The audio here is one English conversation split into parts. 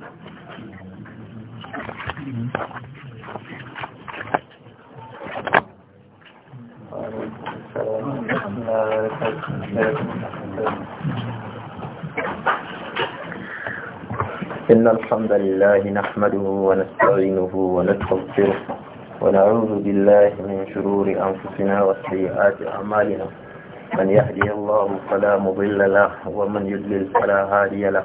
إن الحمد لله نحمده ونستعينه ونستغفره ونعوذ بالله من شرور أنفسنا وسيئات أعمالنا من يهدي الله فلا مضل له ومن يضلل فلا هادي له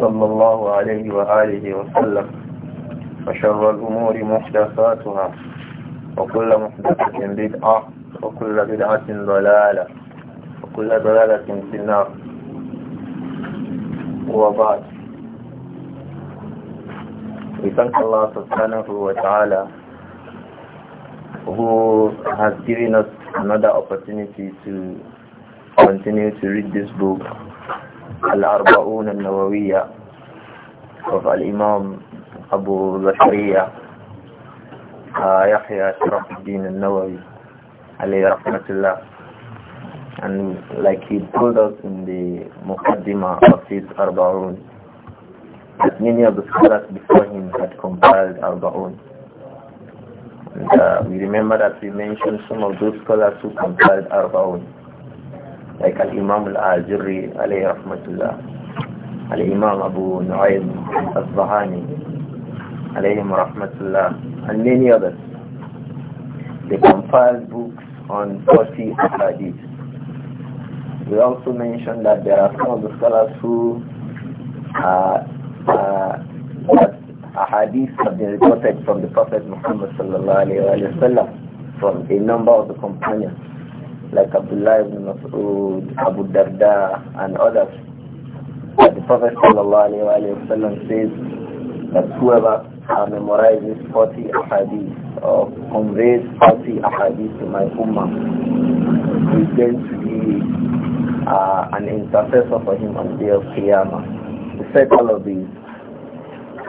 صلى الله عليه وآله وسلم وشر الأمور محدثاتها وكل محدثة بدعة وكل بدعة ضلالة وكل ضلالة في النار وبعد We thank Allah subhanahu wa who has given us another opportunity to continue to read this book and like he told us in the Muqaddima of his Arba'un that many of the scholars before him had compiled Arba'un and uh, we remember that we mentioned some of those scholars who compiled Arba'un like Al-Imam Al-Ajuri alayhi rahmatullah, Al-Imam Abu Nu'aym Al-Zahani alayhi rahmatullah, and many others. They compiled books on 40 hadiths. We also mentioned that there are some of the scholars who uh, uh, hadiths have been reported from the Prophet Muhammad sallallahu alayhi wa from a number of the companions like Abdullah ibn Mas'ud, Abu Darda, and others. But the Prophet wasallam says that whoever memorizes 40 ahadith or conveys 40 ahadith to my ummah is going to be uh, an intercessor for him on the day of Qiyamah. We said all of these.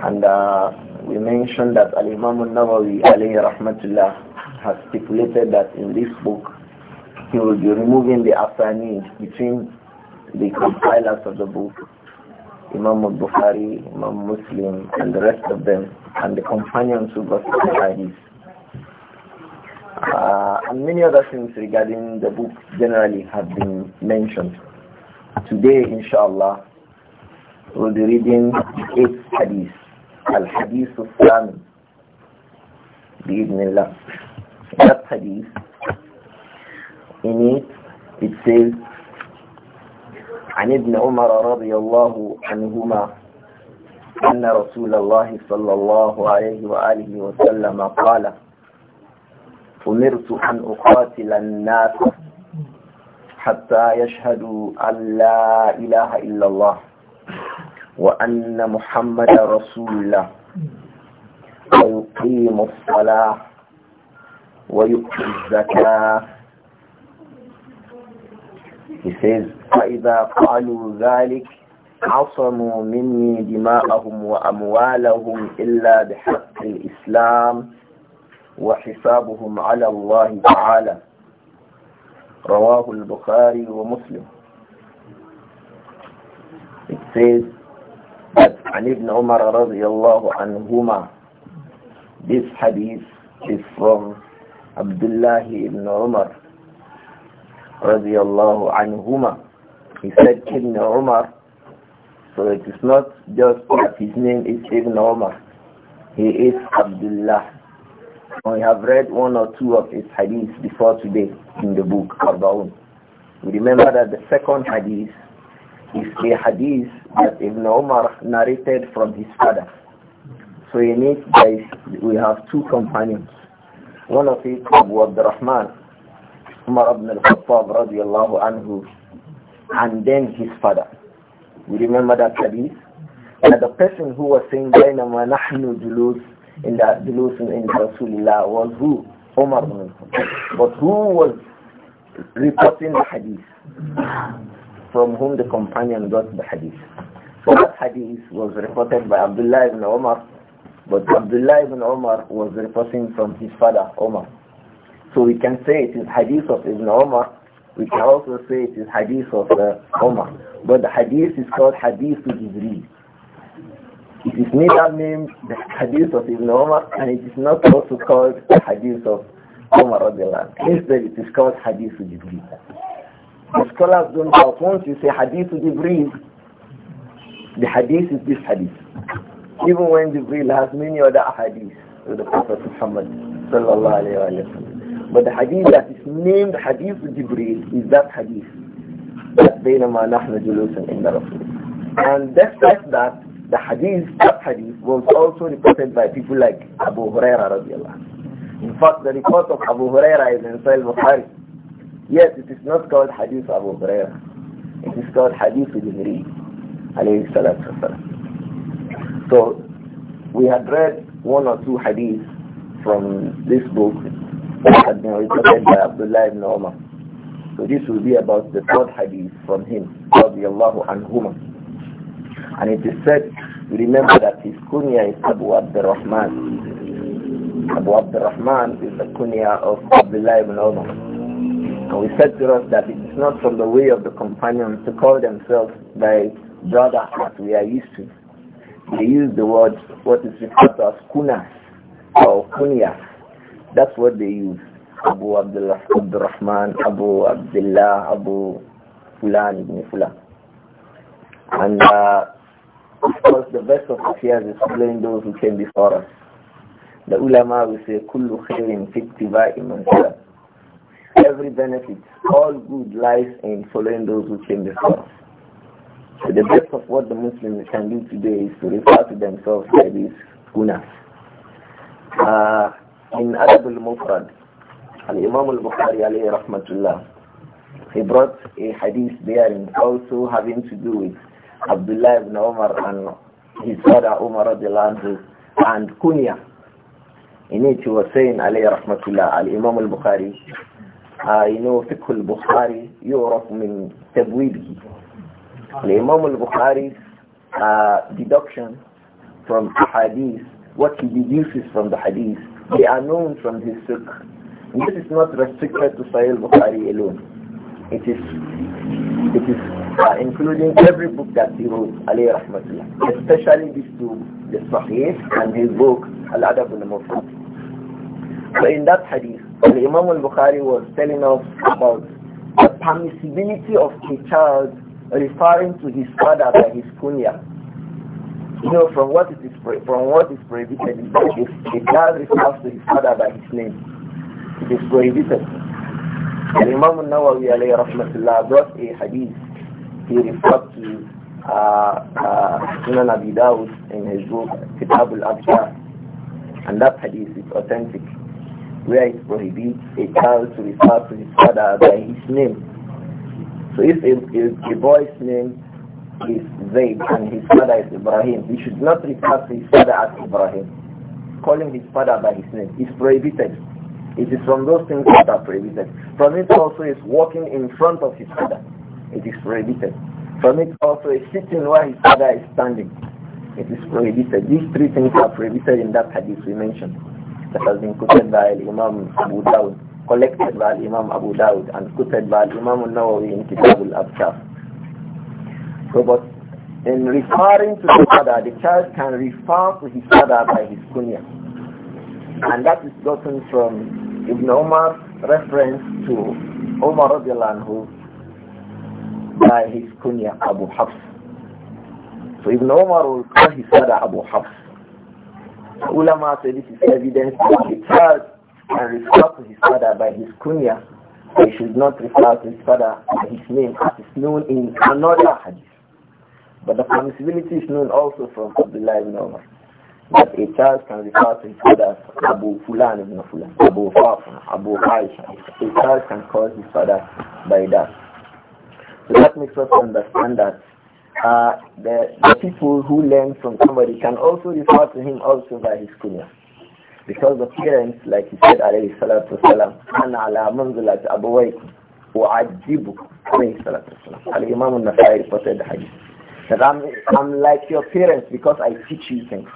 And uh, we mentioned that Al-Imam al-Nawawi alayhi rahmatullah has stipulated that in this book he will be removing the asanis between the compilers of the book, Imam al-Bukhari, Imam Muslim, and the rest of them, and the companions who got the hadith. Uh, and many other things regarding the book generally have been mentioned. Today, inshallah, we'll be reading the eighth hadith, Al-Hadith of sami bi-Idhnillah. That hadith إني it, عن ابن عمر رضي الله عنهما أن رسول الله صلى الله عليه وآله وسلم قال أمرت أن أقاتل الناس حتى يشهدوا أن لا إله إلا الله وأن محمد رسول الله ويقيم الصلاة ويؤتي الزكاة He says, فَإِذَا قَالُوا ذَلِكَ عَصَمُوا مِنِّي دِمَاءَهُمْ وَأَمْوَالَهُمْ إِلَّا بِحَقِّ الْإِسْلَامِ وَحِسَابُهُمْ عَلَى اللَّهِ تَعَالَى رواه البخاري ومسلم It says that عن ابن عمر رضي الله عنهما This hadith is from Abdullah ibn Umar radiallahu anhuma. He said Ibn Umar, so it is not just that his name is Ibn Umar. He is Abdullah. We have read one or two of his hadiths before today in the book Arbaun. We remember that the second hadith is a hadith that Ibn Umar narrated from his father. So in it, we have two companions. One of it, Abu Abdurrahman, Umar ibn al-Khattab radiallahu anhu, and then his father. We remember that hadith? And the person who was saying, بَيْنَمَا nahnu جُلُوسٍ in the Julus in Rasulullah was who? Umar ibn al-Khattab. But who was reporting the hadith? From whom the companion got the hadith. So that hadith was reported by Abdullah ibn Umar, but Abdullah ibn Umar was reporting from his father, Umar. So we can say it is hadith of Ibn Umar. We can also say it is hadith of uh, Umar. But the hadith is called hadith of Jibreel. It is neither named the hadith of Ibn Umar and it is not also called the hadith of Umar Instead it is called hadith of Jibreel. The scholars don't doubt once you say hadith of Jibreel, the hadith is this hadith. Even when Jibreel has many other hadiths with the Prophet Muhammad sallallahu alayhi wa sallam. But the hadith that is named Hadith of Jibril is that hadith. That بينما نحن جلوس عند رسول And despite that, the hadith, that hadith was also reported by people like Abu Huraira radiallahu In fact, the report of Abu Huraira is in Sahih Bukhari. Yes, it is not called Hadith Abu Huraira. It is called Hadith Jibril alayhi salatu wasalam. So, we had read one or two hadiths from this book, that had been reported by Abdullah ibn Umar. So this will be about the third hadith from him, radiallahu anhuma. And it is said, remember that his kunya is Abu Abdurrahman. Abu Abdurrahman is the kunya of Abdullah ibn Umar. And we said to us that it is not from the way of the companions to call themselves by brother as we are used to. They use the word, what is referred to as kunas or kunyas that's what they use. Abu Abdullah, Abdul Rahman, Abu Abdullah, Abu Fulan, Ibn Fulan. And uh, of course the best of affairs is following those who came before us. The ulama will say, Kullu khairin fittiba'i man Every benefit, all good lies in following those who came before us. So the best of what the Muslims can do today is to refer to themselves by these kunas. Uh, in Adab al-Mufrad, Al-Imam al-Bukhari alayhi rahmatullah, he brought a hadith bearing also having to do with Abdullah ibn Umar and his father Umar radiallahu and Kunya. In it he was saying alayhi rahmatullah, Al-Imam al-Bukhari, uh, you know fiqh al-Bukhari يعرف min تبويبه. Al-Imam al-Bukhari's uh, deduction from hadith, what he deduces from the hadith they are known from his book. This is not restricted to Sahih Bukhari alone. It is, it is uh, including every book that he wrote, alayhi rahmatullah, especially these two, the Sahih and his book, Al-Adab al-Mufrad. So in that hadith, Imam al-Bukhari was telling us about the permissibility of a child referring to his father by his kunya you know, from what it is from what is prohibited is that if a child refers to his father by his name, it is prohibited. And Imam Nawawi alayhi rahmatullah brought a hadith. He referred to uh, uh, Sunan Abi Dawud in his book Kitab al And that hadith is authentic, where it prohibits a child to refer to his father by his name. So if a, a boy's name is Zayd and his father is Ibrahim, he should not refer to his father as Ibrahim. Calling his father by his name is prohibited. It is from those things that are prohibited. From it also is walking in front of his father. It is prohibited. From it also is sitting where his father is standing. It is prohibited. These three things are prohibited in that hadith we mentioned that has been quoted by Imam Abu Dawud, collected by Imam Abu Dawud and quoted by Imam al-Nawawi in Kitab al so, but in referring to the father, the child can refer to his father by his kunya. And that is gotten from Ibn Omar's reference to Omar who by his kunya Abu Hafs. So Ibn Omar will call his father Abu Hafs. So ulama say this is evidence that the child can refer to his father by his kunya. He should not refer to his father by his name as is known in another hadith. But the permissibility is known also from Abdullah ibn Umar that a child can refer to his father as Abu Fulan ibn Fulan, Abu Fafan, Abu Aisha. A child can call his father by that. So that makes us understand that uh, the, the people who learn from somebody can also refer to him also by his kunya. Because the parents, like he said, alayhi salatu wasalam, أَنَا عَلَى مَنْزِلَةِ أَبَوَيْكُمْ وَعَجِّبُكُمْ alayhi salatu wasalam. Al-Imam al-Nasai reported the hadith. That I'm, I'm like your parents because I teach you things.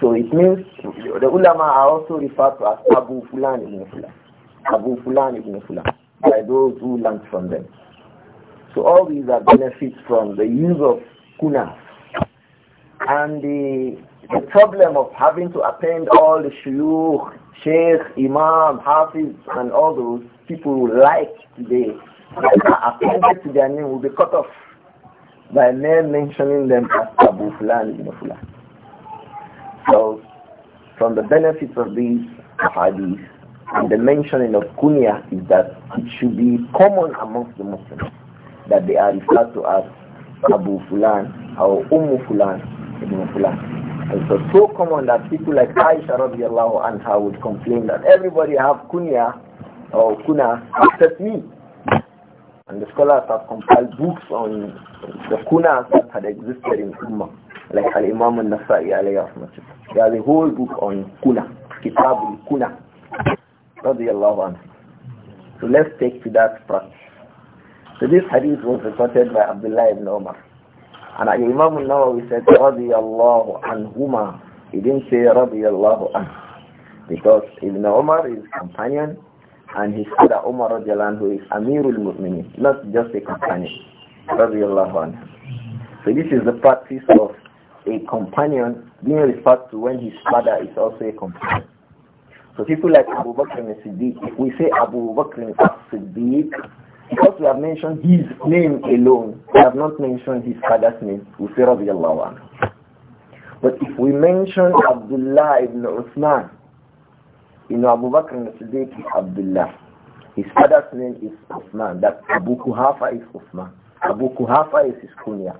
So it means the ulama are also referred to as Abu Fulan ibn Fulan. Abu Fulan ibn Fulan. By those who learned from them. So all these are benefits from the use of kuna. And the, the problem of having to attend all the shuyukh, sheikh, imam, hafiz, and all those people who like today, that are appended to their name will be cut off by mere mentioning them as Abu Fulan ibn Fulan. So, from the benefits of these hadith and the mentioning of kunya is that it should be common amongst the Muslims that they are referred to as Abu Fulan or Umm Fulan ibn Fulan. And so, so common that people like Aisha radiallahu anha would complain that everybody have kunya or kuna except me. And the scholars have compiled books on the kunas that had existed in Ummah, like Al-Imam al-Nasai alayhi rahmatullah. There is a whole book on kuna, Kitab al-Kuna, radiallahu So let's take to that practice. So this hadith was reported by Abdullah ibn Umar. And Imam al-Nawawi said, radiyallahu anhuma. He didn't say radiyallahu anhu. Because Ibn Umar is companion and his father Umar radiallahu who is Amirul Mu'minin, not just a companion. Radiallahu anhu. So this is the practice of a companion being referred to when his father is also a companion. So people like Abu Bakr and Siddiq, if we say Abu Bakr and Siddiq, because we have mentioned his name alone, we have not mentioned his father's name, we say radiallahu anhu. But if we mention Abdullah ibn Uthman, you know, Abu Bakr al-Siddiq is Abdullah. His father's name is Uthman. That Abu Kuhafa is Uthman. Abu Kuhafa is his kunya.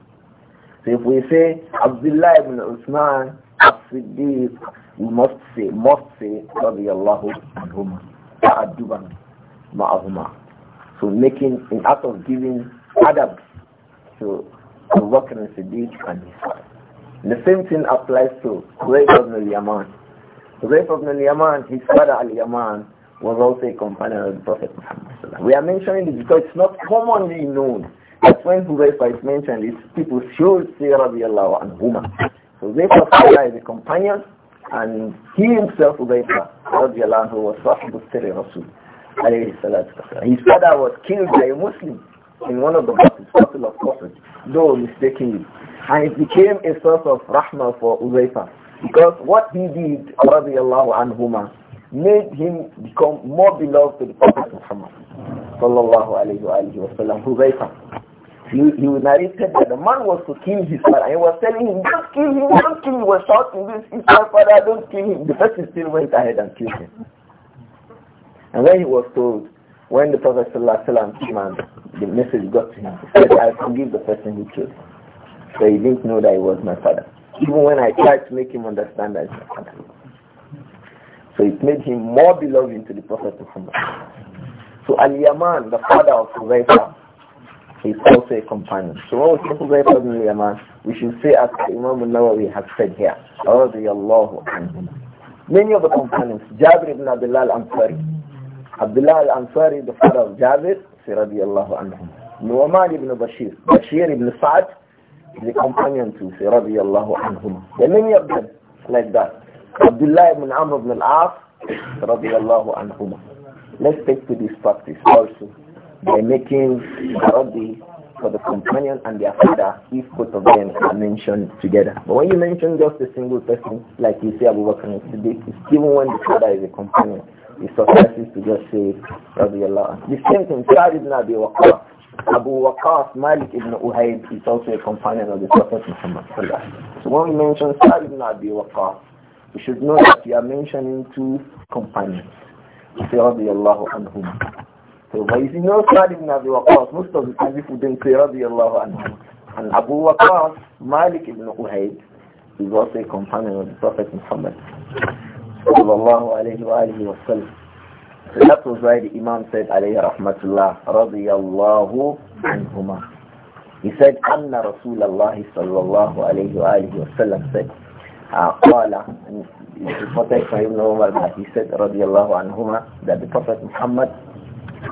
So if we say Abdullah ibn Uthman as-Siddiq, we must say, must say, radiyallahu anhuma, ta'adduban ma'ahuma. So making, in act of giving adab to Abu Bakr al-Siddiq and his father. The same thing applies to Ray ibn al-Yaman. Huzayf of al-Yaman, his father al-Yaman, was also a companion of the Prophet Muhammad. We are mentioning this because it's not commonly known that when Huzayfa is mentioned, it's people should say and anhuma. So Huzayfa is a companion and he himself, Huzayfa, radiallahu anhu, was Sahibu Rasul. His father was killed by a Muslim in one of the battles, battle of Prophet, though mistakenly. And it became a source of rahmah for Uzaifa because what he did, radiallahu anhuma, made him become more beloved to the Prophet Muhammad sallallahu alayhi wa alayhi wa sallam, He, he narrated that the man was to kill his father. He was telling him, don't kill him, don't kill him. He was shouting this, his father, don't kill him. The person still went ahead and killed him. And when he was told, when the Prophet sallallahu alayhi wa came and the message got to him, he said, I forgive the person who killed. So he didn't know that he was my father even when I tried to make him understand that. So it made him more belonging to the Prophet Muhammad. So Ali yaman the father of Huzaifa, is also a companion. So when we say Huzaifa ibn Yaman, we should say as Imam al-Nawawi has said here, radiyallahu Many of the companions, Jabir ibn Abdullah al-Ansari, Abdullah al-Ansari, the father of Jabir, say radiyallahu anhum. Nu'man ibn Bashir, Bashir ibn Sa'd, the companions to say, radiallahu anhum. There are many of them like that. Abdullah ibn Amr ibn al-As, radiallahu anhum. Let's take to this practice also by making Rabbi for the companion and their father if both of them are mentioned together. But when you mention just a single person, like you say Abu Bakr and Siddiq, even when the father is a companion, it suffices to just say Rabbi Allah. The same thing, Sa'ad ibn Abi Waqqas, Abu Waqas Malik ibn Uhayb is also a companion of the Prophet Muhammad. So when we mention Sa'd ibn Abi Waqas, we should know that we are mentioning two companions. Say radiallahu anhum. So if you know Sa'd ibn Abi Waqas, most of the time people did not say radiallahu anhum. And Abu Waqas Malik ibn Uhayb is also a companion of the Prophet Muhammad. Sallallahu alayhi wa alihi wa sallam. So that was why the Imam said, alayhi rahmatullah, radiyallahu anhumah. He said, Anna Rasulullah sallallahu alayhi wa alayhi wa sallam said, Qala, and it's reported from Ibn Umar that he said, radiyallahu anhumah, that the Prophet Muhammad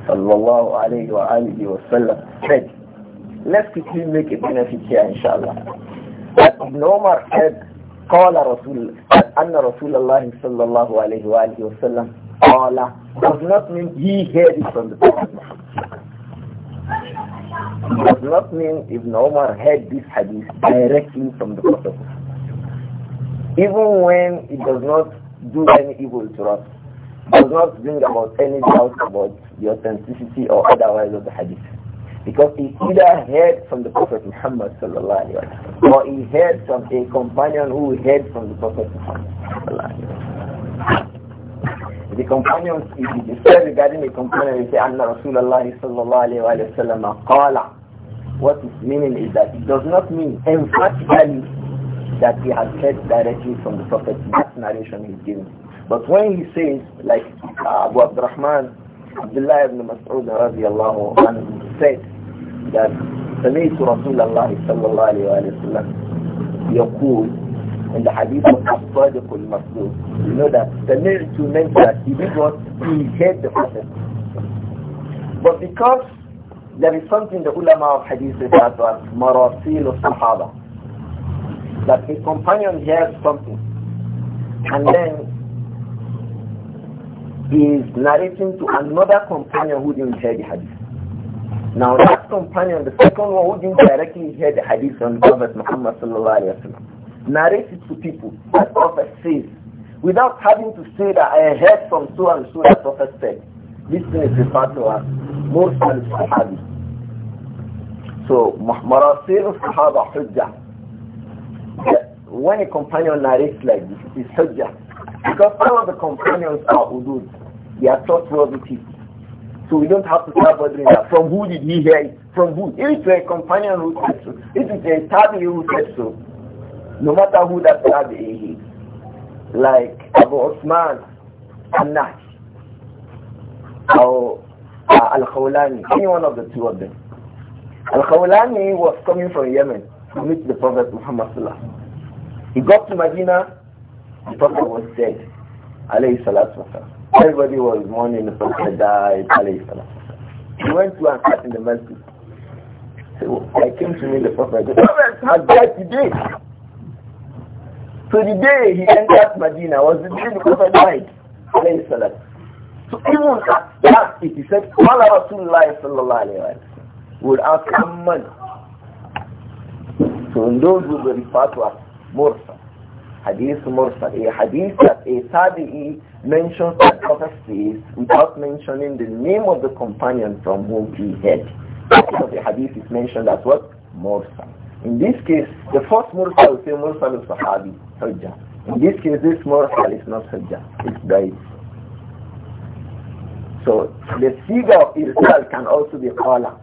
sallallahu alayhi wa alayhi wa sallam said, let's quickly make a benefit here inshallah. That Ibn Umar said, قَالَ رَسُولَ أَنَّ رَسُولَ اللَّهِ صَلَّى اللَّهُ عَلَيْهُ وَآلِهِ وَسَلَّمْ قَالَ does not mean he heard it from the Prophet Muhammad. Does not mean Ibn Omar heard this hadith directly from the Prophet. Even when it does not do any evil to us, does not bring about any doubt about the authenticity or otherwise of the hadith. Because he either heard from the Prophet Muhammad sallallahu or he heard from a companion who heard from the Prophet Muhammad sallallahu the companions, if you regarding the companion, you say, Anna Rasulullah sallallahu alaihi wa sallam qala. What it meaning is that it does not mean emphatically that he has said directly from the Prophet. That narration is given. But when he says, like Abu Abdurrahman, Abdullah ibn Mas'ud radiallahu anhu said that, سمعت رسول الله صلى الله عليه وسلم يقول in the hadith of Sadiqul Masdur. You know that the name meant that he did what? He hate the Prophet. But because there is something the ulama of hadith refer to as marasil of sahaba, that a companion hears something and then he is narrating to another companion who didn't hear the hadith. Now that companion, the second one who didn't directly hear the hadith from Prophet Muhammad sallallahu alaihi wasallam, narrate it to people, as Prophet says, without having to say that I heard from so and so that Prophet said. This thing is referred to as Mursal Sahabi. So, Marasil Sahaba Hujjah. When a companion narrates like this, it is Hujjah. Because some of the companions are Udud. They are trustworthy people. So we don't have to start bothering that. From who did he hear it? From who? If it's a companion who said so, if it's a tabi who said so, no matter who that guy is. Like Abu Osman Anas, or uh, Al-Khawlani, any one of the two of them. Al-Khawlani was coming from Yemen to meet the Prophet Muhammad He got to Medina, the Prophet was dead. Alayhi Everybody was mourning the Prophet died. Alayhi salatu He went to and sat in the masjid. So I came to meet the Prophet. The Prophet had died today. So the day he entered Medina was the day the Prophet died. So even at that, he said, Qala Rasulullah sallallahu alayhi wa would ask Amman. So in those who were referred to as Mursa, Hadith Mursa, a hadith that a Tabi'i mentions that Prophet says without mentioning the name of the companion from whom he had. So the hadith is mentioned as what? Mursa. In this case, the first Mursa will say Mursa al-Sahabi hujjah. In this case, this mursal is not hujjah. It's da'if. So the figure of irsal can also be qala.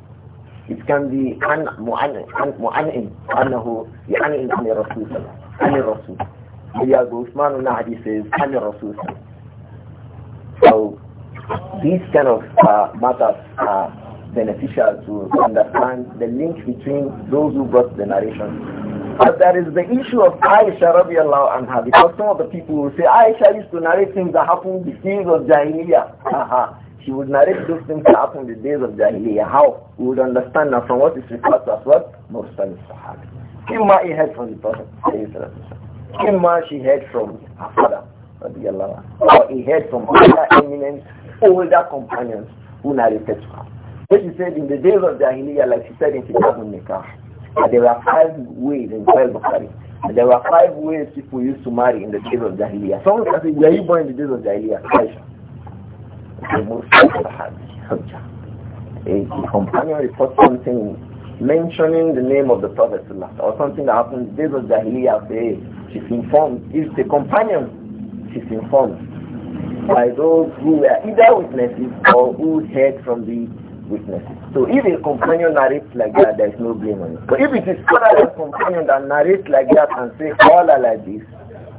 It can be an mu'an'in, annahu ya'an'in an rasul Ani rasul. Maybe Abu Usman al-Nahdi says Ani rasul So these kind of uh, matters are beneficial to understand the link between those who brought the narration but there is the issue of Aisha radiallahu anha because some of the people will say Aisha used to narrate things that happened in the days of Jahiliyyah. She would narrate those things that happened in the days of Jahiliyyah. How? We would understand now from what is referred to as what? Mursal Sahabi. Imma he heard from the Prophet. Imma she heard from her father. Radiallahu Or he heard from other eminent older companions who narrated to her. So she said in the days of Jahiliyyah, like she said in Kitabun Nikah, there were five ways in Sahih Bukhari. There were five ways people used to marry in the days of Jahiliyyah. So can say, were you born in the days of Jahiliyyah? Aisha. The most A companion reports something mentioning the name of the Prophet or something that happened in the days of Jahiliyyah. Say, she's informed. If the companion, she's informed by those who were either witnesses or who heard from the witnesses. So if a companion narrates like that, there is no blame on it. But if it is other than companion that narrates like that and says all are like this,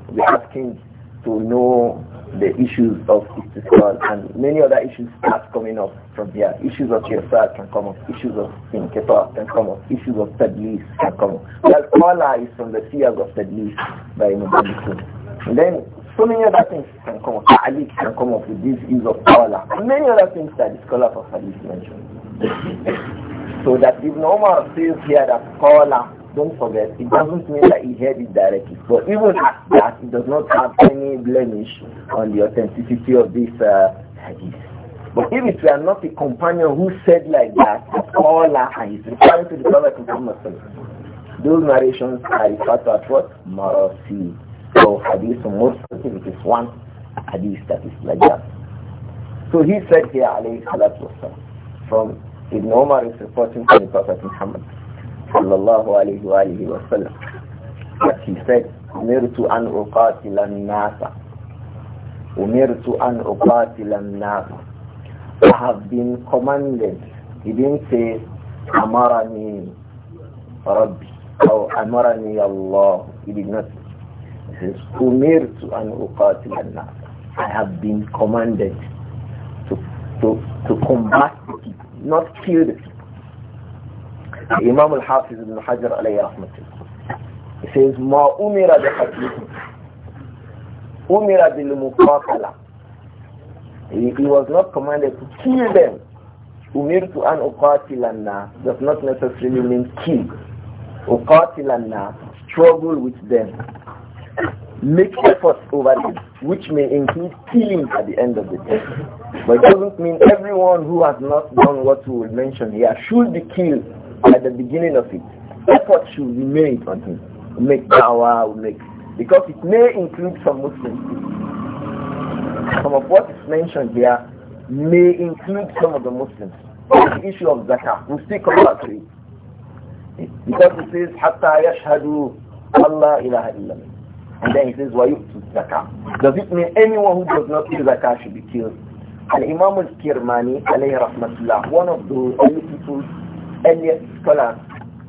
we ask him to know the issues of istisqal and many other issues start coming up from here. Issues of kirsal can come up, issues of inkefa can come up, issues of tadlis can come up. Well, qala is from the siyag of tadlis by Mubarakun. And then so many other things can come up. Ali can come up with this use of qala. And many other things that the scholar of hadith mentioned. So that Ibn Omar says here that Qala, don't forget, it doesn't mean that he heard it directly. So even at that, it does not have any blemish on the authenticity of this uh, hadith. But if it were not a companion who said like that, Qala, and he's referring to the Prophet Muhammad those narrations are referred to as what? Marasi. So hadith most specific is one hadith that is like that. So he said here, alayhi salatu wasalam, from Ibn Umar is reporting to the Prophet Muhammad sallallahu alayhi wa alayhi wa sallam that he said, أمرت أن أقاتل الناس أمرت أن أقاتل الناس I have been commanded he didn't say أمرني ربي أو أمرني الله he did not he says أمرت أن أقاتل الناس I have been commanded to, to, to combat not the people. Imam al-Hafiz ibn Hajar alayhi rahmatullah. He says, مَا أُمِرَ بِحَكِيهِمْ أُمِرَ بِالْمُقَاتَلَةِ he, he was not commanded to kill them. Umir to an uqatilanna does not necessarily mean kill. Uqatilanna, struggle with them. Make efforts over them, which may include killing at the end of the day. But it doesn't mean everyone who has not done what we will mention here should be killed at the beginning of it. Effort should be made on him. We make power, we make because it may include some Muslims. Some of what is mentioned here may include some of the Muslims. The issue of zakah, we still come back to it. Because it says, حَتَّى yashhadu Allah ilaha illallah. And then it says, وَيُؤْتُ zakah. Does it mean anyone who does not give zakah should be killed? Al-Imam al-Kirmani, alayhi rahmatullah, one of the only people, earliest scholars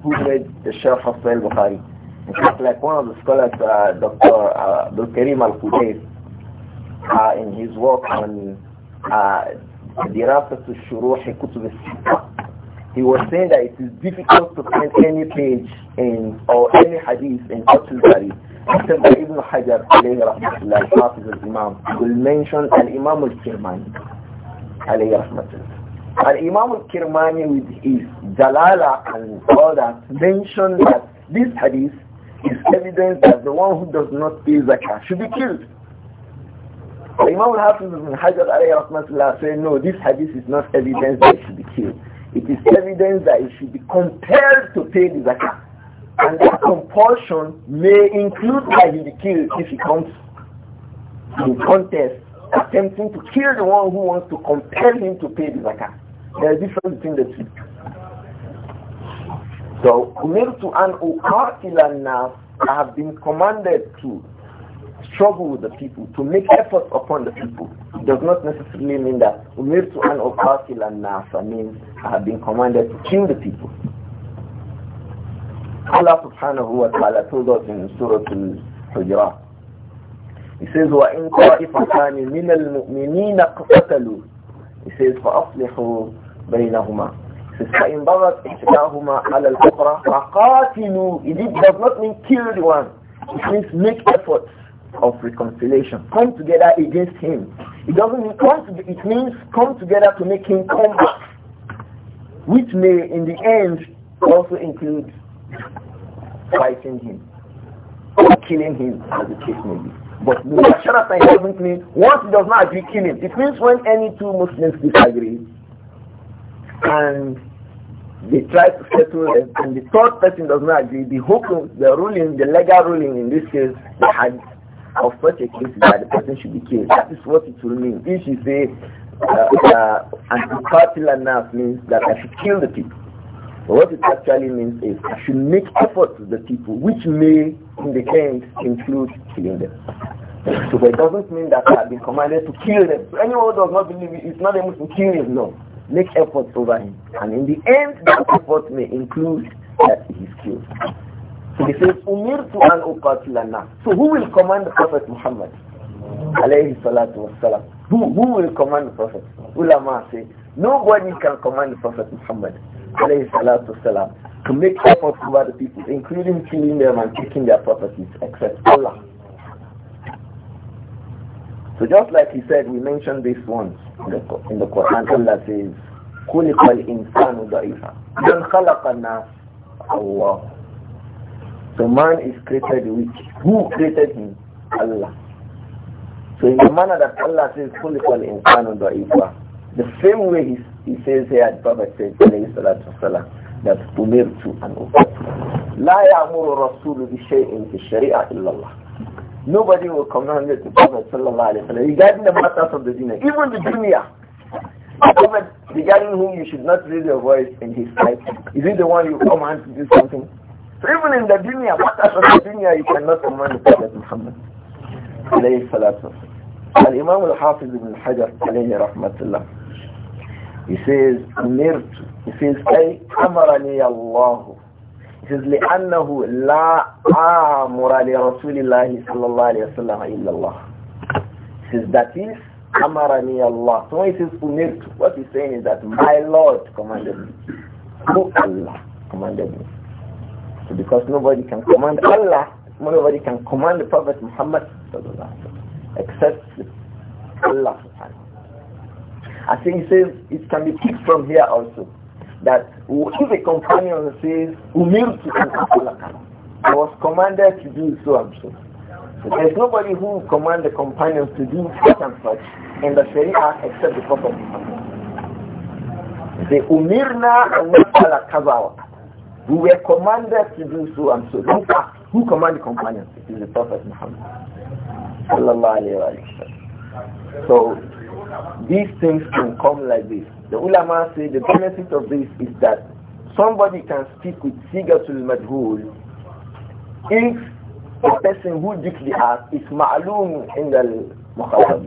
who read the Sharh of Sahih Bukhari. In fact, like one of the scholars, uh, Dr. Uh, Abdul uh, Karim al-Qudayf, uh, in his work on uh, Dirasat al-Shuruh Kutub al he was saying that it is difficult to find any page in or any hadith in al-Bukhari. Dr. Ibn Hajar alayhi rahmatullah, Hafiz al-Imam, will mention al-Imam al-Kirmani alayhi rahmatullah. Al-Imam al-Kirmani with his Jalala and all that, mentioned that this hadith is evidence that the one who does not pay zakah should be killed. The Imam al-Hafiz ibn Hajar alayhi rahmatullah said, no, this hadith is not evidence that he should be killed. It is evidence that he should be compelled to pay the zakah. And that compulsion may include that he be killed if he comes in contest attempting to kill the one who wants to compel him to pay the zakat. There is a difference between the two. So, to an uqatila now, I have been commanded to struggle with the people, to make efforts upon the people. It does not necessarily mean that to an now. I means I have been commanded to kill the people. Allah subhanahu wa ta'ala told us in Surah Al-Hujrah. He says, وَإِن طَائِفَتَانِ مِنَ الْمُؤْمِنِينَ اقْتَتَلُوا He says, فَأَصْلِحُوا بَيْنَهُمَا He says, فَإِن بَغَتْ إِحْدَاهُمَا عَلَى الْأُخْرَى فَقَاتِلُوا It does not mean kill the one. It means make efforts of reconciliation. Come together against him. It doesn't mean come to, it means come together to make him come back. Which may in the end also include fighting him, or killing him as the case may be. But the Sharatan doesn't mean once he does not agree, kill him. It means when any two Muslims disagree and they try to settle it and the third person does not agree, the hukum, the ruling, the legal ruling in this case, the had of such a case that the person should be killed. That is what it will mean. If you say uh, uh, and to means that I should kill the people. What it actually means is I should make effort to the people, which may, in the end, include killing them. So it doesn't mean that I've been commanded to kill them. So anyone who does not believe it, it's not able to kill him, no. Make efforts over him. And in the end, that effort may include that he is killed. So he says, Umir to an uqatilana. So who will command the Prophet Muhammad? Alayhi salatu wassalam. Who, who will command the Prophet? Ulama say, nobody can command the Prophet Muhammad alayhi salatu salam, to make efforts to other people, including killing them and taking their properties, except Allah. So just like he said, we mentioned this once in the, in the Quran. Allah says, خُلِقَ الْإِنسَانُ ضَعِيفًا مَنْ خَلَقَ النَّاسَ Allah. So man is created weak. Who created him? Allah. So in the manner that Allah says, خُلِقَ الْإِنسَانُ ضَعِيفًا The same way he he says here, the Prophet says, alayhi salatu wasalam, that umirtu an uqatu. La ya'muru rasulu bi shay'in fi sharia illallah. Nobody will command the Prophet sallallahu alayhi regarding the matters of the dunya, even the dunya. The Prophet regarding whom you should not raise your voice in his sight, is he the one you command to do something? So even in the dunya, matters of the dunya, you cannot command the Prophet Muhammad alayhi salatu wasalam. الإمام الحافظ ابن حجر عليه رحمة الله he says, أمرت. He says, أي أمرني الله. He says, لأنه لا آمر لرسول الله صلى الله عليه وسلم إلا الله. He says, that is أمرني الله. So when he says أمرت, what he's saying is that my Lord commanded me. No Allah commanded me. So because nobody can command Allah, nobody can command the Prophet Muhammad except Allah subhanahu I think he says it can be picked from here also. That if a companion says, Umirtu I was commanded to do so and so. There's nobody who command the companions to do such and such in the Sharia except the Prophet The Umirna and Nakala Kazawa. We were commanded to do so and so. Who, who command the companions? It is the Prophet Muhammad. So these things can come like this. The ulama say the benefit of this is that somebody can speak with Sigatul Madhul if the person who did the act is ma'loom in the muqawwab.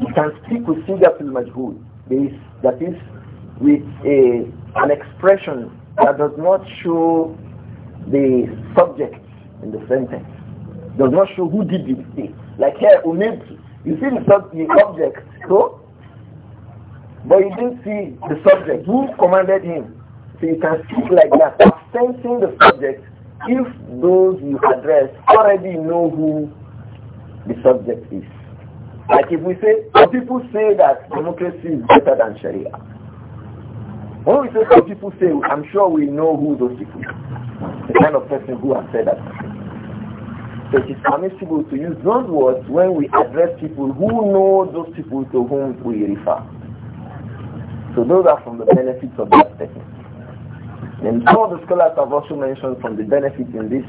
You can speak with Sigatul Majhul. that is with a, an expression that does not show the subject in the sentence. Does not show who did the thing. Like here, umibtu. You see the, sub the object, so, but you didn't see the subject. Who commanded him? So you can speak like that, absenting the subject if those you address already know who the subject is. Like if we say, some people say that democracy is better than Sharia. When we say some people say, I'm sure we know who those people are. The kind of person who has said that it is permissible to use those words when we address people who know those people to whom we refer. So those are from the benefits of that technique. And some of the scholars have also mentioned from the benefits in this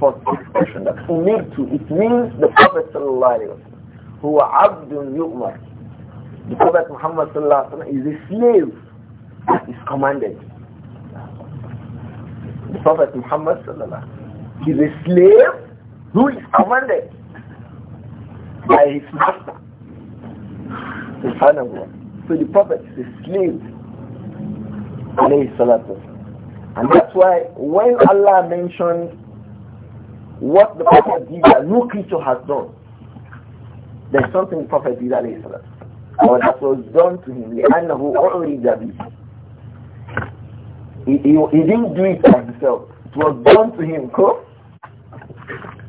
first expression that to it means the Prophet sallallahu who are abdul yu'mar. The Prophet Muhammad is a slave that is commanded. The Prophet Muhammad sallallahu is a slave who is commanded by his master. The son of God. So the prophet is a slave. And that's why when Allah mentioned what the prophet did that no creature has done, there's something the prophet did alayhi salatu or that was done to him لأنه أعرج به did. he, he didn't do it by himself. It was done to him. Cool?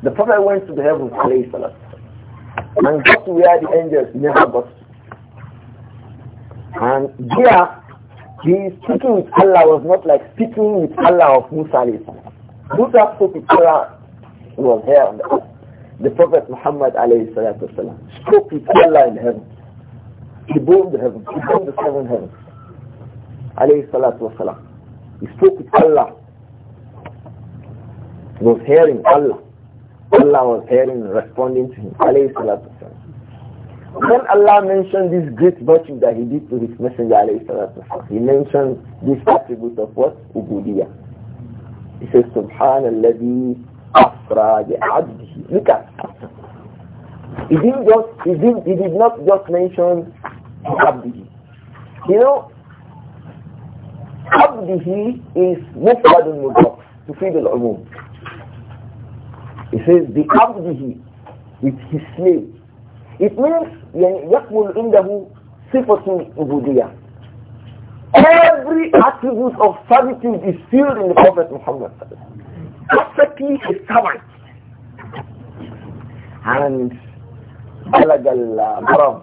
The Prophet went to the heavens, alayhi and got to where the angels never got to. And there, his speaking with Allah was not like speaking with Allah of Musa alayhi Musa spoke with Allah, he was here on the earth. The Prophet Muhammad alayhi salatu wasalam spoke with Allah in heaven. He bore the heavens, he bore the seven heavens. Alayhi salatu wasalam. He spoke with Allah. He was hearing Allah. Allah was hearing responding to him. When Allah mentioned this great virtue that he did to his messenger, he mentioned this attribute of what? Ubudiya. He says, Subhanallah, Asra abdihi. Look at he didn't just he did he did not just mention abdihi. You know, abdihi is mufradun mudaf to feed the umum. He says, the abdihi, with his slave. It means, يَقْبُلْ عِنْدَهُ صِفَةٌ عُبُودِيَةٌ Every attribute of servitude is filled in the Prophet Muhammad. Perfectly a servant. And بلغ الغرام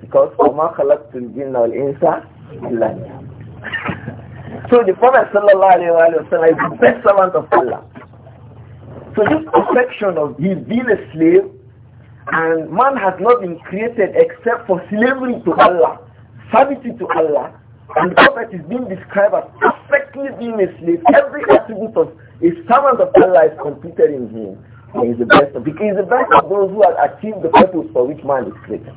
because وما خلقت الجن والإنس إلا So the Prophet sallallahu alayhi wa sallam is the best servant of Allah. So this perception of his being a slave and man has not been created except for slavery to Allah, servitude to Allah, and the Prophet is being described as perfectly being a slave. Every attribute of a servant of Allah is completed in him. He is the best of, he is the best of those who have achieved the purpose for which man is created.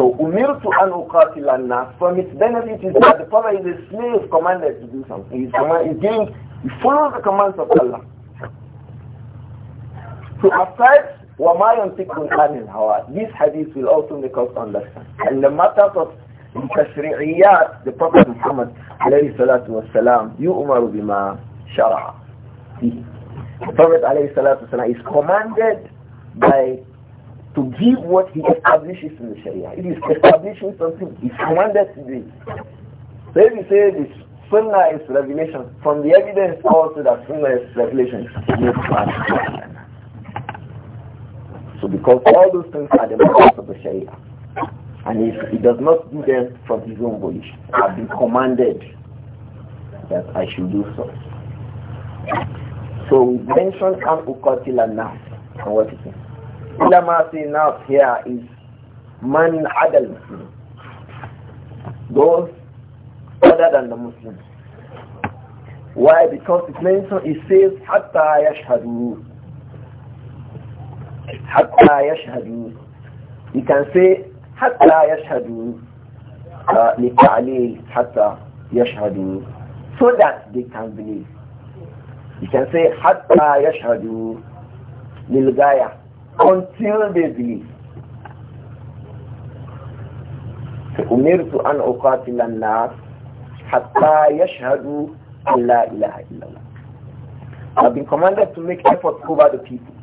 So umirtu an uqatil an-nas. From its benefit is that the Prophet is a slave commanded to do something. He is, command, is giving you follow the commands of Allah. So aside وَمَا يَنْتِقُ عَنِ الْهَوَىٰ This hadith will also make us understand. And the matter of التشريعيات the Prophet Muhammad عليه الصلاة والسلام يؤمر بما شرع فيه. The Prophet عليه الصلاة والسلام is commanded by to give what he establishes in the Sharia. It is establishing something, He commanded to do. So if you say this Sunnah is revelation. From the evidence also that Sunnah is revelation. So because all those things are the matters of the Sharia. And if he does not do them from his own volition, I've been commanded that I should do so. So we mentioned an uqatil now, And what is it? Ulama say here is man adal Those other than the Muslims. Why? Because it mentions, it says, حَتَّى يَشْهَدُوا حَتَّى يَشْهَدُوا You can say, حَتَّى يَشْهَدُوا لِتَعْلِيلِ حَتَّى يَشْهَدُوا So that they can believe. You can say, حَتَّى يَشْهَدُوا لِلْغَايَةِ Until they believe. أُمِرْتُ أَنْ أُقَاتِلَ النَّاسِ hatta yashhadu la ilaha illallah. I've been commanded to make effort over the people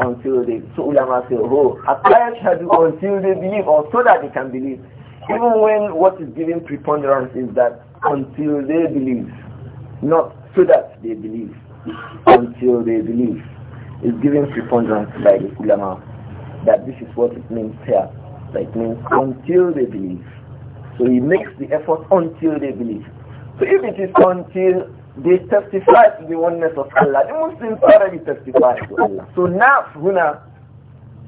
until they, so ulama say, oh, hatta yashhadu until they believe or so that they can believe. Even when what is given preponderance is that until they believe, not so that they believe, until they believe, is given preponderance by the ulama that this is what it means here. That it means until they believe. So he makes the effort until they believe. So if it is until they testify to the oneness of Allah, the Muslims already testify to Allah. So naf huna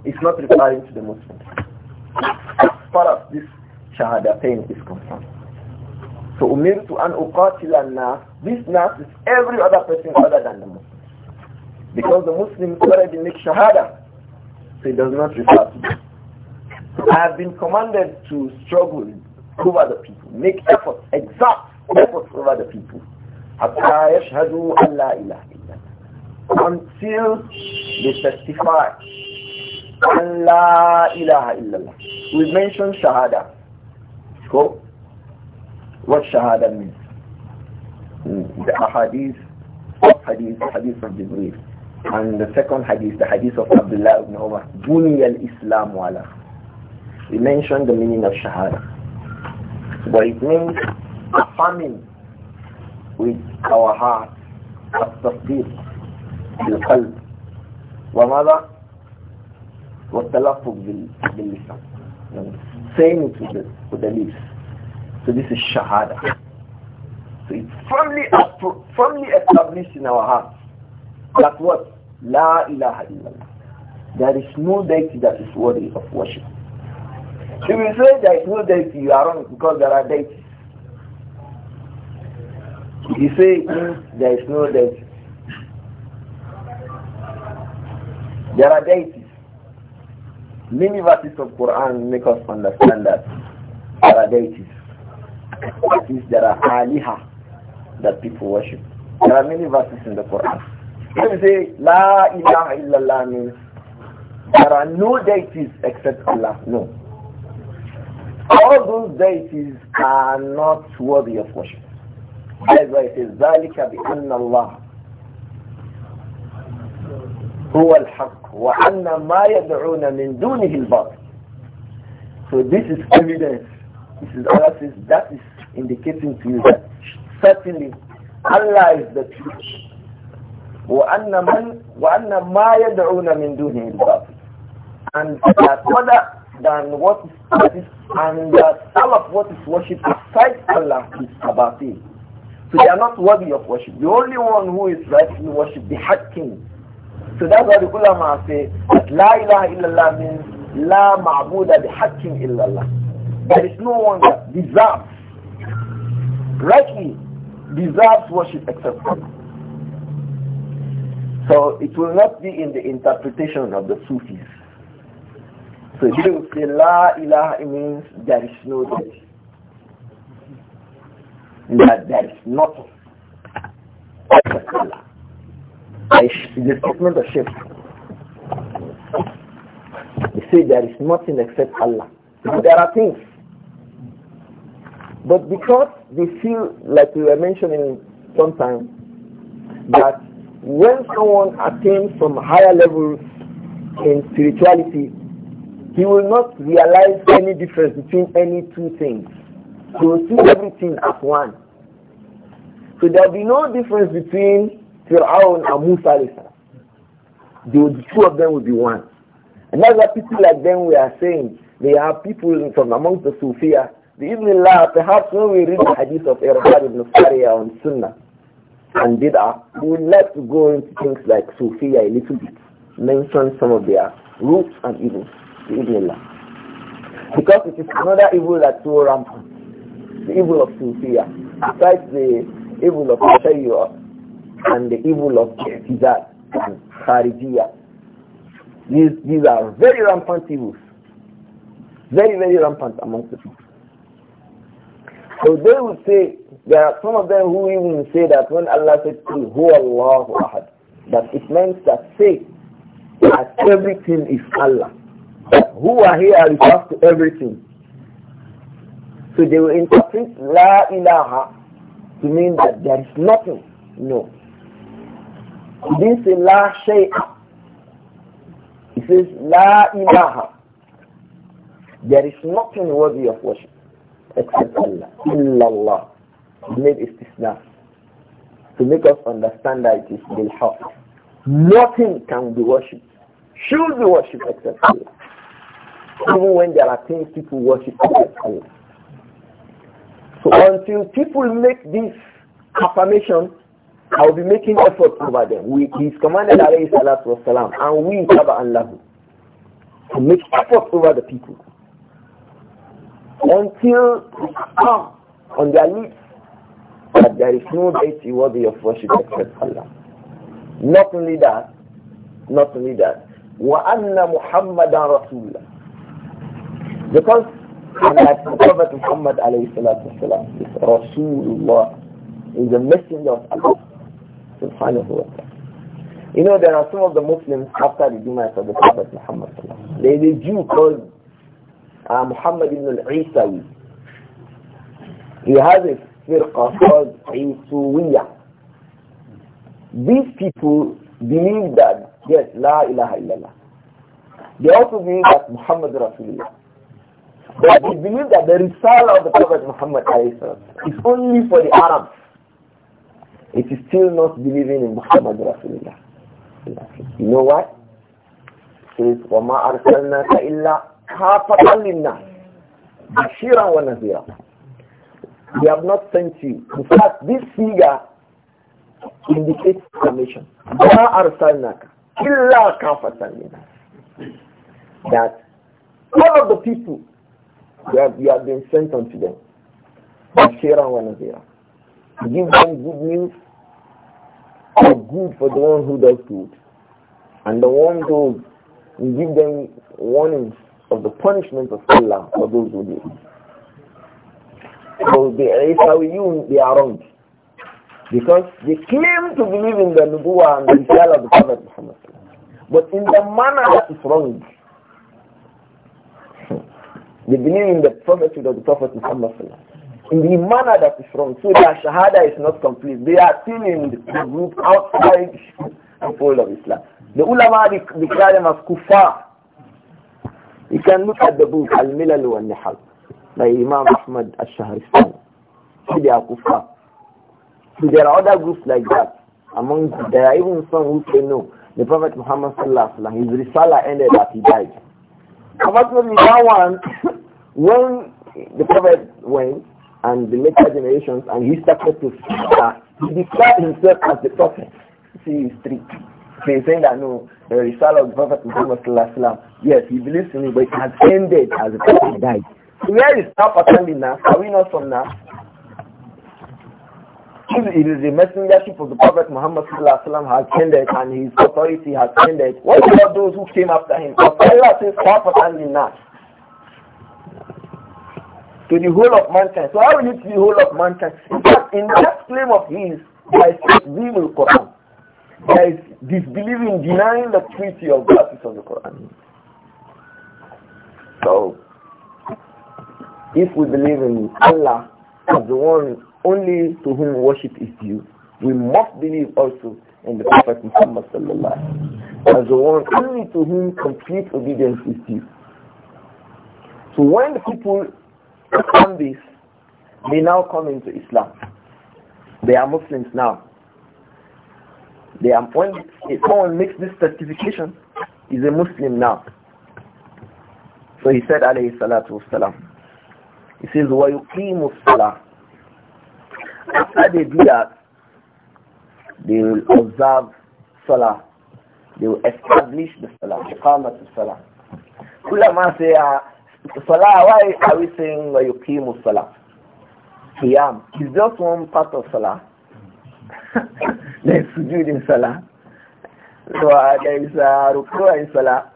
is not referring to the Muslims. As far as this shahada pain is concerned. So to an uqatil an This nas is every other person other than the Muslims. Because the Muslims already make shahada. So it does not refer to them. I have been commanded to struggle over the people. Make effort, exact effort over the people. حتى يشهدوا Until they testify Allah ilaha إله We mentioned shahada. So, what shahada means? The hadiths. hadith, hadith of Jibreel. And the second hadith, the hadith of Abdullah ibn Umar. Dunya al-Islam wala. We mentioned the meaning of shahada. But it means affirming with our heart التصديق بالقلب وماذا والتلفظ باللسان saying it with the, with the lips so this is shahada so it's firmly firmly established in our hearts that what la ilaha illallah there is no deity that is worthy of worship if you say there is no deity, you are wrong because there are deities. You say there is no deity. There are deities. Many verses of Quran make us understand that there are deities. That is, there are aliha that people worship. There are many verses in the Quran. Let me say, La ilaha illallah means there are no deities except Allah. No. All those deities are not worthy of worship. That's why it says, ذَلِكَ بِأَنَّ اللَّهَ هُوَ الْحَقِّ وَأَنَّ مَا يَدْعُونَ مِن دُونِهِ الْبَاطِلِ So this is evidence. This is Allah says, that is indicating to you that certainly Allah is the truth. وَأَنَّ مَا يَدْعُونَ مِن دُونِهِ الْبَاطِلِ And that other than what is and that all of what is worshipped aside Allah is him. So they are not worthy of worship. The only one who is rightly worshipped, the Hakim. So that's why the ulama say that La ilaha illallah means La ma'buda bi hakim illallah. There is no one that deserves, rightly deserves worship except Allah. So it will not be in the interpretation of the Sufi. So if they say La ilaha, it means there is no God. That there is nothing except Allah. The statement of Sheikh. They say there is nothing except Allah. But there are things. But because they feel, like we were mentioning sometime, that when someone attains some higher levels in spirituality, he will not realize any difference between any two things. He will see everything as one. So there will be no difference between Fir'aun and Musa. The two of them will be one. And that's what people like them we are saying. They are people from amongst the Sufia. The Ibn Allah, perhaps when we read the hadith of Irhad ibn Sariya on Sunnah and Bid'ah, we would like to go into things like Sufia a little bit, mention some of their roots and evils. Because it is another evil that's so rampant. The evil of sincere. Besides the evil of failure and the evil of Kizat and Kharijiyah. These, these are very rampant evils. Very, very rampant amongst the people. So they will say, there are some of them who even say that when Allah said, who Allah, Ahad, that it means that say that everything is Allah. Who are here refers to everything. So they will interpret La ilaha to mean that there is nothing. No. He didn't say La shay'a. He says La ilaha. There is nothing worthy of worship except Allah. Illallah. He made istisna. To make us understand that it is bilhaq. Nothing can be worshipped, should be worshipped except Allah even when there are things people worship at So until people make this affirmation, I will be making effort over them. We, he's commanded alayhi and we cover and love to make effort over the people. Until come on their lips that there is no deity worthy of worship except Allah. Not only that, not only that, وَأَنَّ مُحَمَّدًا رَسُولًا because like Prophet Muhammad alayhi salatu is Rasulullah, is the messenger of Allah subhanahu wa ta'ala. You know, there are some of the Muslims after the demise of the Prophet Muhammad There is a Jew called uh, Muhammad ibn al-Isawi. He has a firqa called Isuwiya. These people believe that, yes, La ilaha illallah. They also believe that Muhammad Rasulullah. But they believe that the Risala of the Prophet Muhammad is only for the Arabs. It is still not believing in Muhammad Rasulullah. You know what? It says, وَمَا أَرْسَلْنَاكَ إِلَّا كَافَةً لِلنَّاسِ بَشِيرًا وَنَذِيرًا We have not sent you. In fact, this figure indicates information. وَمَا أَرْسَلْنَاكَ إِلَّا كَافَةً لِلنَّاسِ That all of the people you have, you have been sent unto them. Bashira wa Nazira. Give them good news or good for the one who does good. And the one who give them warnings of the punishment of Allah for those who do. So the Isawiyun, they are wrong. Because they claim to believe in the Nubuwa and the Risalah of the Prophet Muhammad. But in the manner that is wrong, they believe in the prophethood of the Prophet Muhammad in the manner that is wrong. So their shahada is not complete. They are still in the group outside the fold of Islam. The ulama declare them as kuffar. You can look at the book Al-Milal wa Nihal by Imam Ahmad al-Shahristan. So they are kuffar. So there are other groups like that. Among them, there are even some who say no. The Prophet Muhammad sallallahu alaihi wasallam, his risala ended as he died. Unfortunately, that one, when the prophet went and the later generations and he started to uh, he described himself as the prophet. See his three. So he's saying that no, the result of the Prophet Muhammad Sallallahu yes, he believes in it, but it has ended as the Prophet died. where is our family now? Are we not from now? it is the messengership of the Prophet Muhammad has ended and his authority has ended, what about those who came after him? Allah says, to the whole of mankind. So how will it be the whole of mankind? In fact, in that claim of his, we will Quran. There is disbelieving, denying the treaty of verses of the Quran. So, if we believe in Allah as the one only to whom worship is due, we must believe also in the Prophet Muhammad as the one only to whom complete obedience is due. So when the people understand this, they now come into Islam. They are Muslims now. They are when someone makes this certification, is a Muslim now. So he said alayhi salatu wasalam. He says, وَيُقِيمُ الصَّلَاةِ after they do that, they will observe Salah. They will establish the Salah, the Qamat to Salah. Ulama say, uh, Salah, why are we saying came Yuqimu Salah? Qiyam is just one part of Salah. there is sujood in Salah. So, uh, there is uh, ah, Rukua in Salah.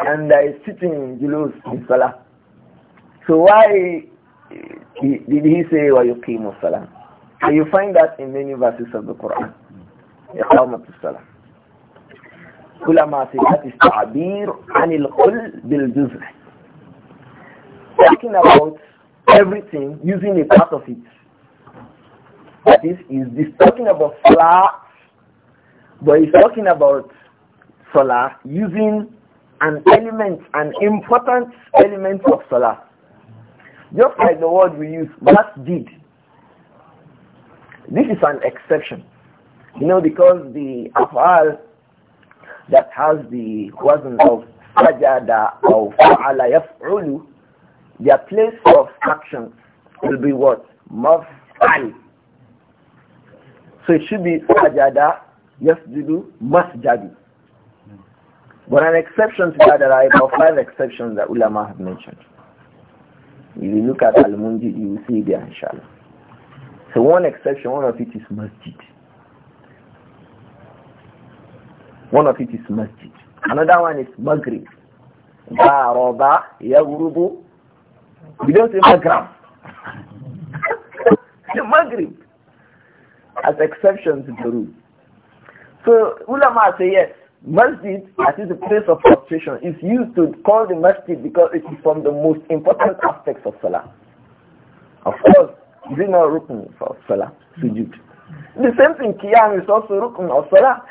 And there is sitting in Julus in Salah. So why did he say wa yuqimu salah? And you find that in many verses of the Quran. Ulama say that is ta'bir anil qul Talking about everything using a part of it. That is, is this talking about salah, but he's talking about salah using an element, an important element of salah. Just like the word we use, masjid. This is an exception. You know, because the af'al that has the wazn of sajada or fa'ala yaf'ulu, their place of action will be what? Maf'al. So it should be sajada yasjudu masjadu. But an exception to that, there are about five exceptions that ulama have mentioned. If you look at Al-Munjid, you will see there, inshallah. So one exception, one of it is masjid. One of it is masjid. Another one is maghrib. Garoba, Yagurubu. We don't say maghrib. the maghrib. As exceptions to the rule. So ulama say yes, masjid that is the place of prostration is used to call the masjid because it is from the most important aspects of salah. Of course, is it not rukun for salah? Sujud. The same thing, qiyam is also rukun of salah.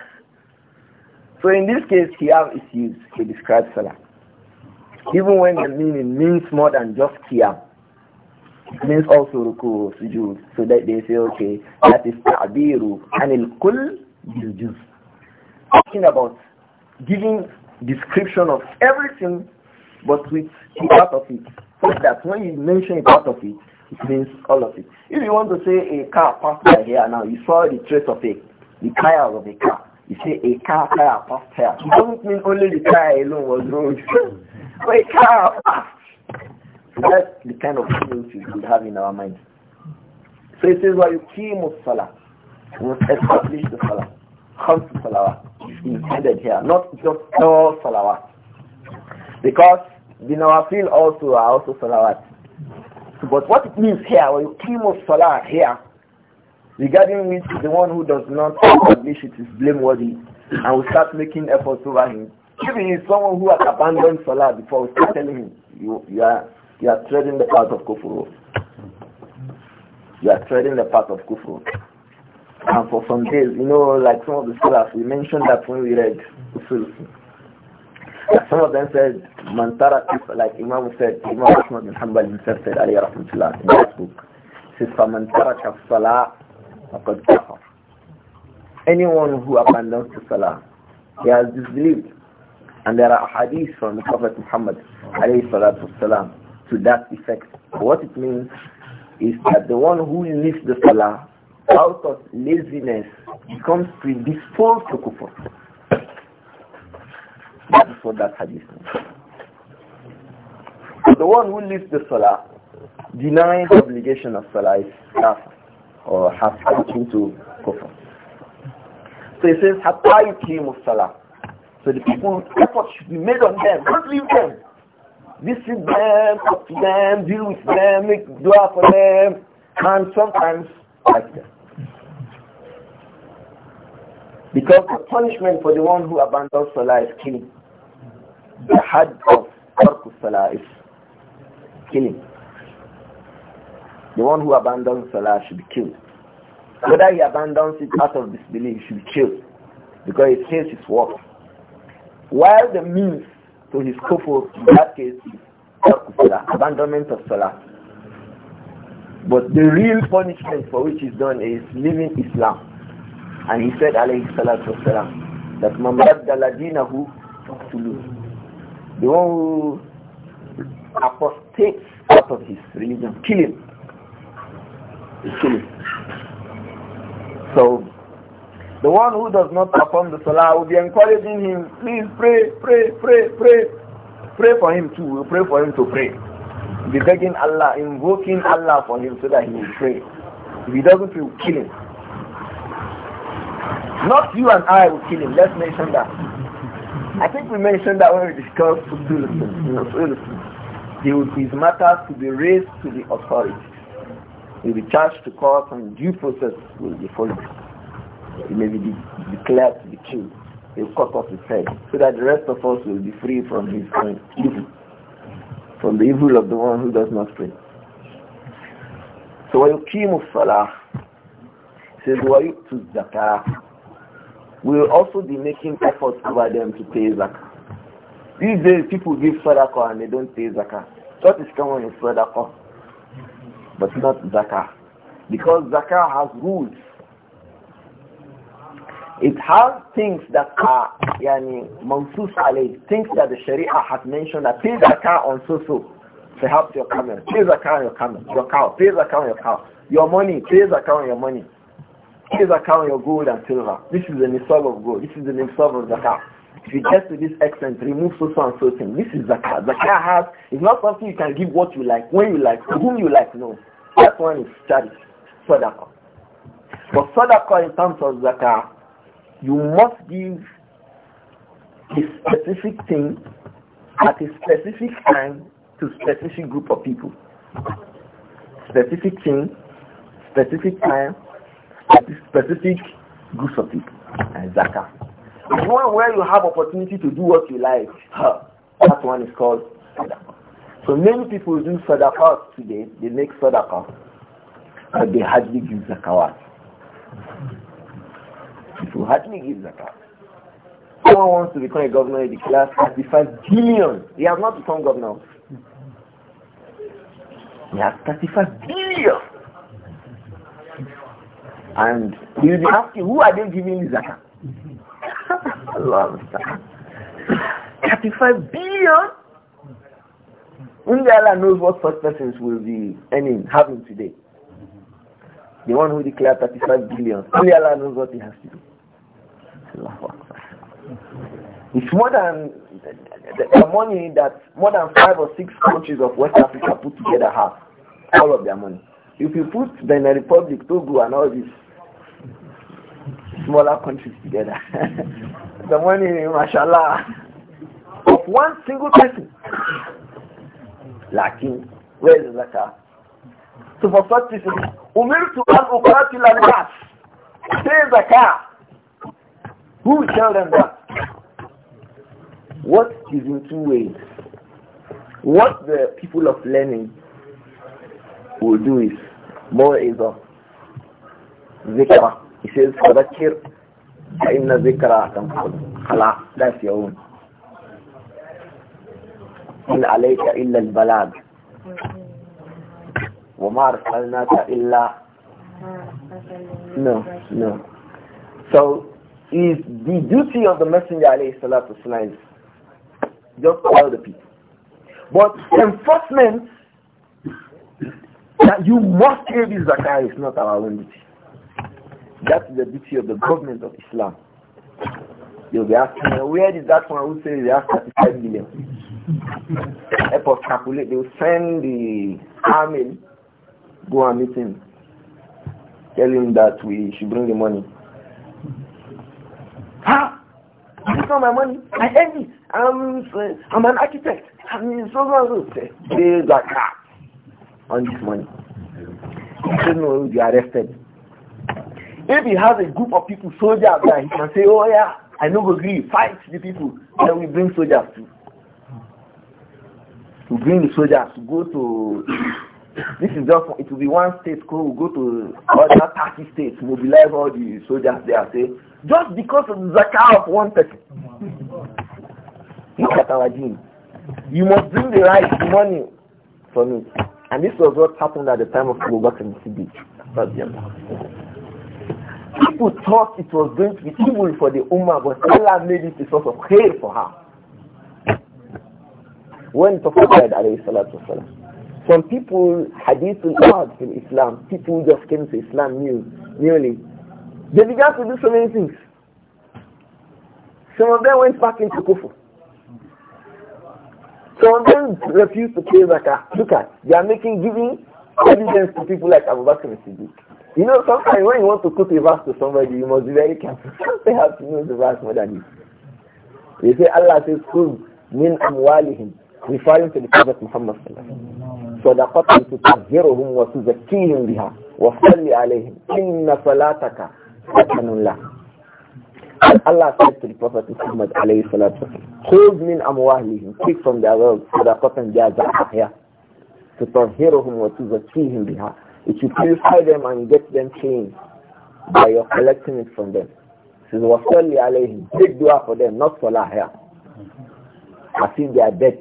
So in this case, qiyam is used to describe salah. Even when the meaning means more than just qiyam. It means also ruku, sujud. So that they say, okay, that is ta'biru anil kul juz. Talking about giving description of everything, but with part of it. So that when you mention part of it, it means all of it. If you want to say a car passed by here now, you saw the trace of a the tires of a car. You say a car tire passed here. It doesn't mean only the tire alone was ruined. but a car passed. So that's the kind of things we should have in our mind. So it says, وَيُقِيمُ الصَّلَاةِ We must establish the salah. to salawat is intended here, not just all salawat. Because the nawafil also are also salawat. But what it means here, when you claim of salah here, regarding which the one who does not publish it is blameworthy, and we start making efforts over him. If he is someone who has abandoned salah before, we start telling him, you, you, are, you are treading the path of kufru. You are treading the path of kufru. And for some days, you know, like some of the scholars, we mentioned that when we read Usul some of them said, Mantara, like Imam said, Imam Ahmad bin Hanbal himself said, Ali Rahmatullah, in that book, says, فَمَنْتَرَكَ الصَّلَاةَ فَقَدْ Anyone who abandons the salah, he has disbelieved. And there are hadiths from the Prophet Muhammad والسلام, to that effect. What it means is that the one who leaves the salah out of laziness becomes predisposed to kufr. That is what that hadith means. the one who leaves the salah, denies the obligation of salah is kafir or has come to kufr. So he says, Hatta yukimu salah. So the people, effort should be made on them. Don't leave them. Visit them, talk to them, deal with them, make dua for them, and sometimes like them. Because the punishment for the one who abandons Salah is killing the had of Tarkus Salah is killing. The one who abandons Salah should be killed. Whether he abandons it out of disbelief, he should be killed because it kills his work. While the means to his kufur in that case is Salah, abandonment of Salah. But the real punishment for which it's done is leaving Islam. And he said, alayhi salatu wasalam, that man baddala dinahu, the one who apostates out of his religion, kill him. Kill him. So, the one who does not perform the salah will be encouraging him, please pray, pray, pray, pray. Pray for him too. We'll pray for him to pray. Be begging Allah, invoking Allah for him so that he will pray. If he doesn't, we will kill him. Not you and I will kill him. Let's mention that. I think we mentioned that when we discussed there would be matters to be raised to the authorities. Will be charged to court and due process will be followed. He may be de declared to be true. He will cut off his head so that the rest of us will be free from his evil, from the evil of the one who does not pray. So وَيُقِيمُ الصَّلَاةِ says وَيُؤْتُ Zakah?" we will also be making efforts over them to pay zakah. These days, people give sadaqah and they don't pay zakah. What is common is sadaqah, but not zakah. Because zakah has rules. It has things that are yani mansus alayh, things that the Sharia has mentioned that pay zakah on so-so. Perhaps your camel, pay zakah on your camel, your cow, pay zakah on your cow. Your money, pay zakah on your money. This is on your gold and silver. This is the nisab of gold. This is the nisab of zakah. If you get to this extent, remove so so and so thing. This is zakah. Zakah has is not something you can give what you like, when you like, to whom you like. No, that one is charity, sadaqah. But sadaqah in terms of zakah, you must give a specific thing at a specific time to specific group of people. Specific thing, specific time, specific group of people and zakah. The one where you have opportunity to do what you like, that one is called sadaqah. So many people do sadaqah today, they make sadaqah, but they hardly give zakawat. People hardly give zakawat. Someone wants to become a governor in the class, 35 billion. He has not become governor. He has 35 billion. And you'll be asking, who are they giving this zakah? Allah 35 billion? Only Allah knows what first persons will be earning, having today. The one who declared 35 billion. Only Allah knows what he has to do. It's more than the, money that more than five or six countries of West Africa put together have. All of their money. If you put Benin Republic, Togo and all these smaller countries together. the money, mashallah, of one single person. lacking where is car? So for such people, umirtu an uqatil al-nas. the car? Who will tell them that? What is in two ways? What the people of learning will do is more is of zikra يصير تذكر فَإِنَّ ذِكْرَى تنقل خلاص لا your إِنْ عَلَيْكَ إِلَّا الْبَلَادِ وَمَا أَرْسَلْنَاكَ إِلَّا No, no. So, is the duty of the messenger alayhi salatu wasalam is just tell the people. But enforcement that you must hear this zakah is not our own duty. That's the duty of the government of Islam. You'll be asking, where did that one who says they have 35 million? Help us calculate. will send the army, go and meet him, tell him that we should bring the money. Ha! is not my money. I earned it. I'm, uh, I'm an architect. I'm so so so. They got cut ah, on this money. You know, you are arrested. If he has a group of people, soldiers, that he can say, oh yeah, I know agree, fight the people. Then we bring soldiers too. We bring the soldiers to go to, this is just, it will be one state, so we'll go to other 30 states, mobilize all the soldiers there, say, just because of the zakah of one person. Look at our deen. You must bring the right money for me. And this was what happened at the time of Abu Bakr Siddiq. People thought it was going to be evil for the Ummah, but Allah made it a source of khair for her. When Prophet said, wasalam, some people, hadith in Islam, people just came to Islam new, newly. They began to do so many things. Some of them went back into Kufu. Some of them refused to pay zakah. Look at, they are making giving evidence to people like Abu Bakr and Siddiq. You know, sometimes when you want to put a verse to somebody, you must be very careful. they have to know the verse more than you. They say Allah says, Kul min amwalihim, referring to the Prophet Muhammad صدقة تطهرهم وتزكيهم بها وصل عليهم إن صلاتك سكن له Allah said to the Prophet Muhammad alayhi salatu Hold min amwalihim, take from their wealth, sadaqatan jazaha, to tahhiruhum wa tuzakkihim biha, it you purify them and get them clean by your collecting it from them. Says Wasalli alayhim. Big dua for them, not salah here. I think they are dead.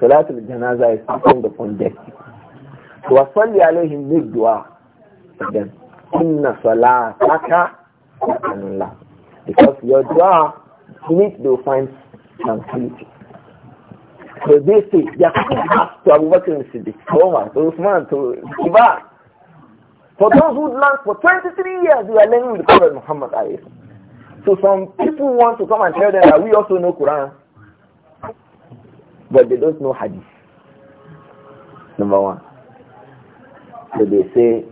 the janaza is performed upon death. So Wasalli alayhim big dua for them. Inna salataka Allah. Because your dua, in it they will find tranquility. So they say, they are coming back to Abu Bakr and Siddiq, to Omar, to Usman, to Kibar. For those who learned for 23 years, we are learning with the Prophet Muhammad A.S. So some people want to come and tell them that we also know Quran, but they don't know Hadith. Number one. So they say,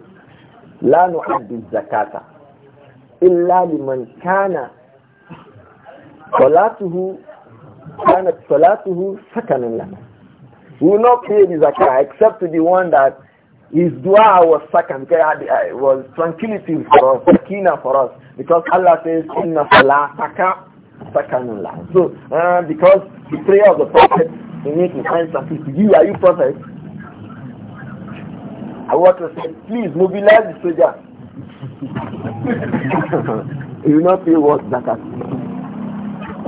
لا نؤدي الزكاة إلا لمن كان صلاته كانت صلاته سكنا لنا will not pay the zakah except to the one that his dua was second uh, was tranquility for us, sakina for us. Because Allah says, Inna salataka sakanullah. So, uh, because the prayer of the Prophet, in need to find something to you. Are you Prophet? I want to say, please mobilize the soldier. you will not pay what zakat.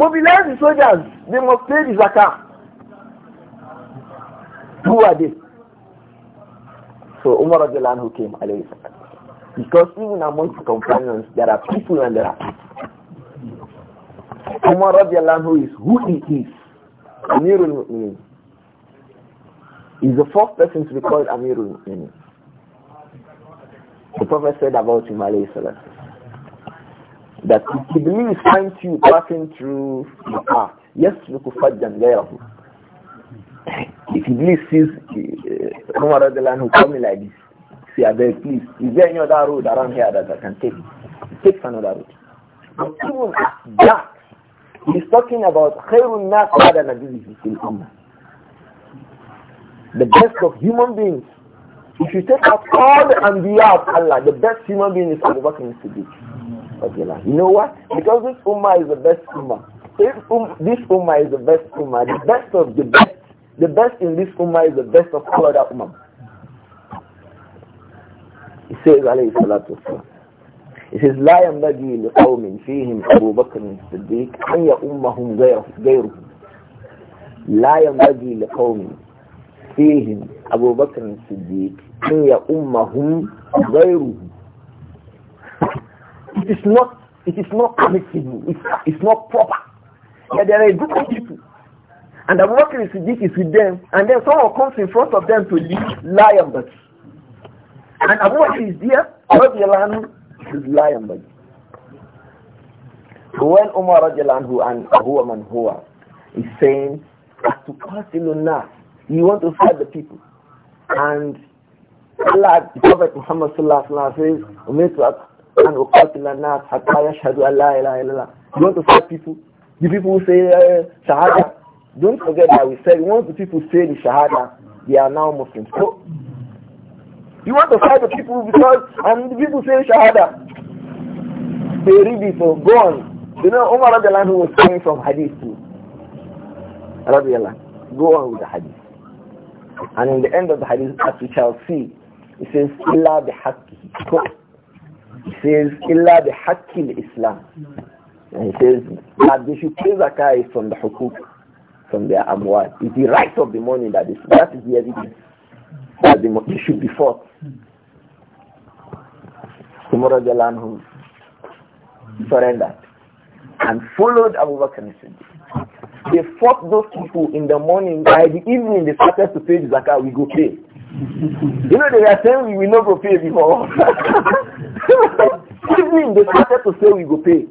Mobilize the soldiers. They must pay the zakah. Who are they? So Umar Abdullah who came, alayhi Because even among the companions, there are people and there are people. Umar Abdullah who is who he is. Amirul Mu'minin. Is the first person to be called Amirul Mu'minin. The Prophet said about him, alayhi salam, that Iblis finds you passing through the path, يسلك فجا غيره. If Iblis sees uh, Umar who coming like this, See, I beg, please, is there any other road around here that I can take? Take another road. But even at that, he's talking about khairun nas ala nabihi fil ummah. The best of human beings. If you take out all the anbiya of Allah, the best human being is Abu Bakr Siddiq. You know what? Because this Ummah is the best Ummah. If um, this Ummah is the best Ummah, the best of the best, the best in this Ummah is the best of all other Ummah. He says, alayhi salatu wasalam. He says, لا ينبغي لقوم فيهم أبو بكر الصديق أن يؤمهم غيرهم. لا ينبغي لقوم فيهم أبو بكر الصديق أن يؤمهم غيرهم. It is not it is not permissible. It's, it's not proper. Yeah, there are a group of people. And the working with this is with them. And then someone comes in front of them to lie on them. And Abu Bakr is there. Radiallahu is lying on them. when Umar Radiallahu and Abu Man Huwa is saying, to nas, you want to fight the people. And Allah, the Prophet Muhammad Sallallahu Alaihi Wasallam says, and uqatil nas hatta yashhadu an la ilaha illallah. You want to fight people? The people who say uh, shahada. Don't forget that we said once the people say the shahada, they are now Muslims. So you want to fight the people because and the people say shahada. They read it so go on. You know Umar who was coming from hadith too. Radiallah. Go on with the hadith. And in the end of the hadith, as we shall see, it says, إِلَّا بِحَقِّهِ he says, Illa the Hakil Islam. And he says that they should pay zakah from the hukuk, from their amwal. It's the right of the money that is, that is the evidence that the, money should be fought. Tomorrow the land who surrendered and followed Abu Bakr Siddiq. They fought those people in the morning. By the evening, they started to pay zakah. We go pay. you know, they were saying we will not go pay before. Evening, they started to say we go pay.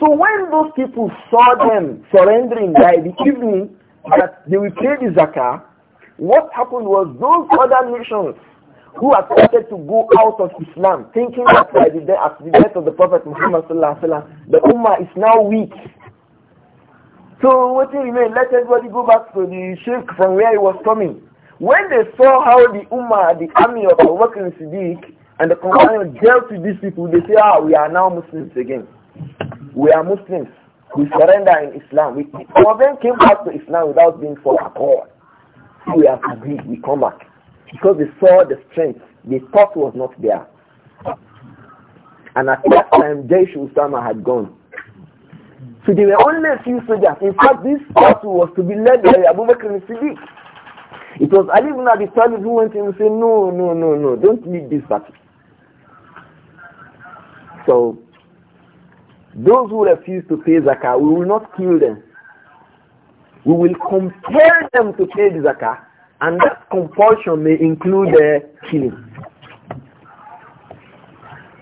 So when those people saw them surrendering by the evening that they will pay the zakah, what happened was those other nations who had started to go out of Islam, thinking that by the death, the death of the Prophet Muhammad sallallahu alaihi wasallam, the ummah is now weak. So what do you mean? Let everybody go back to the sheikh from where he was coming. When they saw how the ummah, the army of Abu Bakr Siddiq, and the companions dealt with these people. They say, ah, we are now Muslims again. We are Muslims. We surrender in Islam. We, some of them came back to Islam without being forced at all. We have agreed. We come back. Because they saw the strength they thought was not there. And at that time, Jaish Usama had gone. So there were only a few soldiers. In fact, this battle was to be led by Abu Bakr al-Siddiq. It was Ali ibn Abi Talib who went in and said, no, no, no, no, don't lead this battle. So those who refuse to pay zakah, we will not kill them. We will compel them to pay the zakah, and that compulsion may include uh, killing.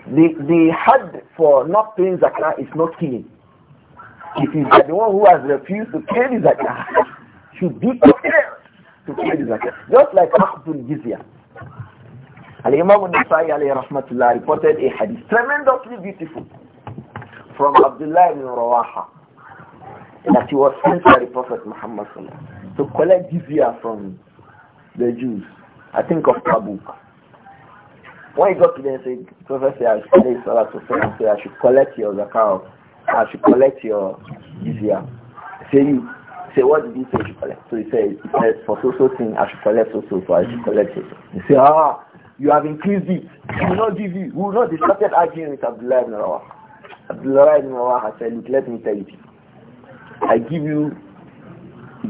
The the had for not paying zakah is not killing. It is the one who has refused to pay the zakah should be compelled to pay the zakah, just like Akhbul Jizya. Al-Imam al-Nasai alayhi rahmatullah reported a hadith, tremendously beautiful, from Abdullah ibn Rawaha, that he was sent by the Prophet Muhammad to collect jizya from the Jews, I think of Tabuk. When he got to them, said, Prophet said, I, I should collect your zakat, I should collect your jizya. Say you, say, what did you say you collect? So he said, he said, for so so thing, I should collect so so, so I should collect so so. He said, ah, you have increased it. We will not give you. We will not. They started arguing with Abdullah ibn Rawah. Abdullah ibn Rawah had said, look, let me tell you. I give you,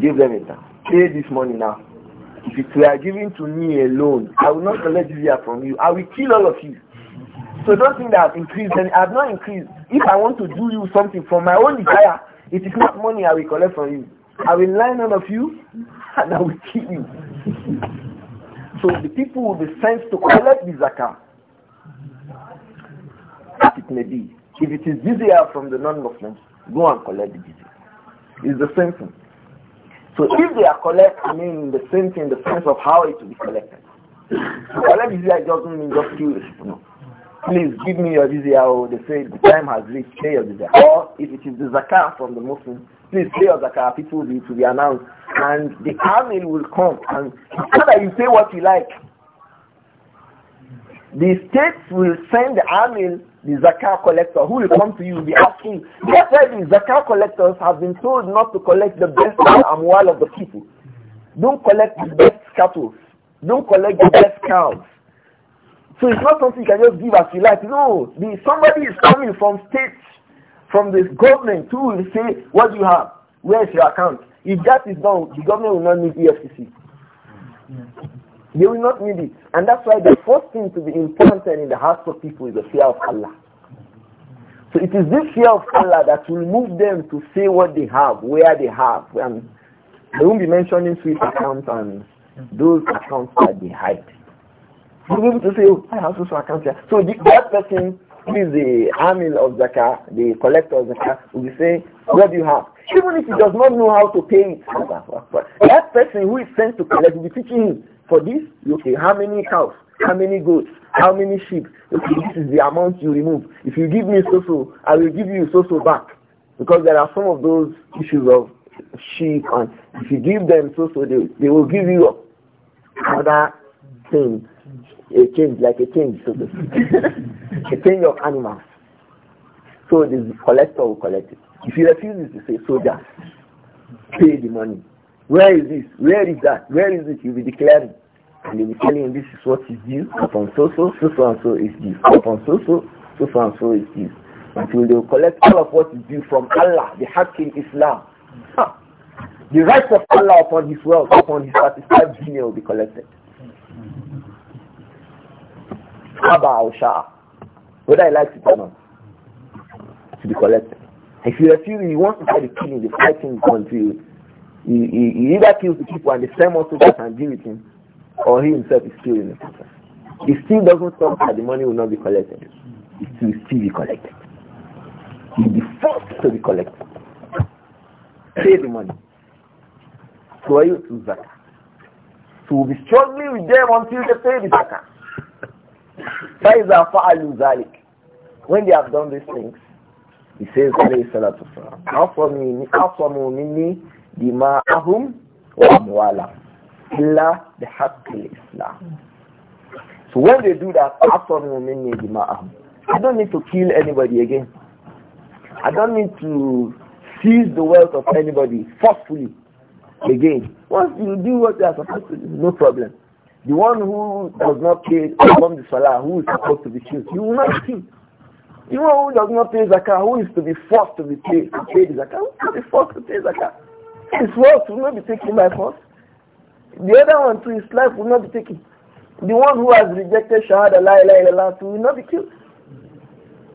give them it. Pay this money now. If it were given to me alone, I will not collect jizya from you. I will kill all of you. So don't think that I've increased. And I've not increased. If I want to do you something from my own desire, it is not money I will collect from you. I will lie all of you and I will kill you. So the people will be sent to collect the zakah. As it may be. If it is jizya from the non-Muslims, go and collect the jizya. It's the same thing. So if they are collect, I mean the same thing in the sense of how it will be collected. collect jizya doesn't mean just kill you know please give me your jizya or oh, they say the time has reached, pay your jizya. Or if it is the zakah from the Muslim, please pay your zakah, it will be to be announced. And the camel will come and whether you say what you like. The states will send the amil, the zakah collector, who will come to you, will be asking. That's why the zakah collectors have been told not to collect the best amwal of the people. Don't collect the best cattle. Don't collect the best cows so it's not something you can just give as you like. No, the, somebody is coming from state, from the government who will say, what do you have? Where is your account? If that is done, the government will not need EFCC. They will not need it. And that's why the first thing to be implanted in the hearts of people is the fear of Allah. So it is this fear of Allah that will move them to say what they have, where they have. And they won't be mentioning sweet accounts and those accounts that they hide. You'll be able to say, oh, I have social account here. So the, that person who is the amil of zakah, the collector of zakah, will be saying, what do you have? Even if he does not know how to pay it, that person who is sent to collect will be teaching him, for this, okay, how many cows, how many goats, how many sheep, okay, this is the amount you remove. If you give me so-so, I will give you so-so back. Because there are some of those issues of sheep, and if you give them so-so, they, they will give you another thing a change, like a change, so to speak. a change of animals. So the collector will collect it. If he refuses to say, soldier, pay the money. Where is this? Where is that? Where is it? You'll be declaring. And they'll be telling you this is what is due upon so so, so so and so is due upon so so, so so and so is due. Until they will collect all of what is due from Allah, the Hakim in Islam. Huh. The rights of Allah upon his wealth, upon his satisfied genius will be collected. Haba or Shah. Whether I like it or not. To be collected. If you refuse, you want to try the killing, the fighting until he, he, he either kills the people and the same also that can deal with him, or he himself is killed in the process. He still doesn't stop that the money will not be collected. It will still be collected. He will be forced to be collected. Pay the money. So are you to Zaka. So we'll be struggling with them until they pay the Zaka. فَإِذَا فَعَلُوا ذَلِكَ When they have done these things, he says, alayhi salatu wasalam, أَصَمُوا مِنِّي دِمَاءَهُمْ وَأَمْوَالَهُمْ إِلَّا بِحَقِّ الْإِسْلَامِ So when they do that, أَصَمُوا مِنِّي دِمَاءَهُمْ I don't need to kill anybody again. I don't need to seize the wealth of anybody forcefully again. Once you do what they are supposed to do, no problem. The one who does not pay from the salah, who is supposed to be killed, he will not kill. The one who does not pay zakah, who is to be forced to be paid to pay the zakah, who is to be forced to pay zakah. His wealth will not be taken by force. The other one too, his life will not be taken. The one who has rejected Shahada La ilaha illallah will not be killed.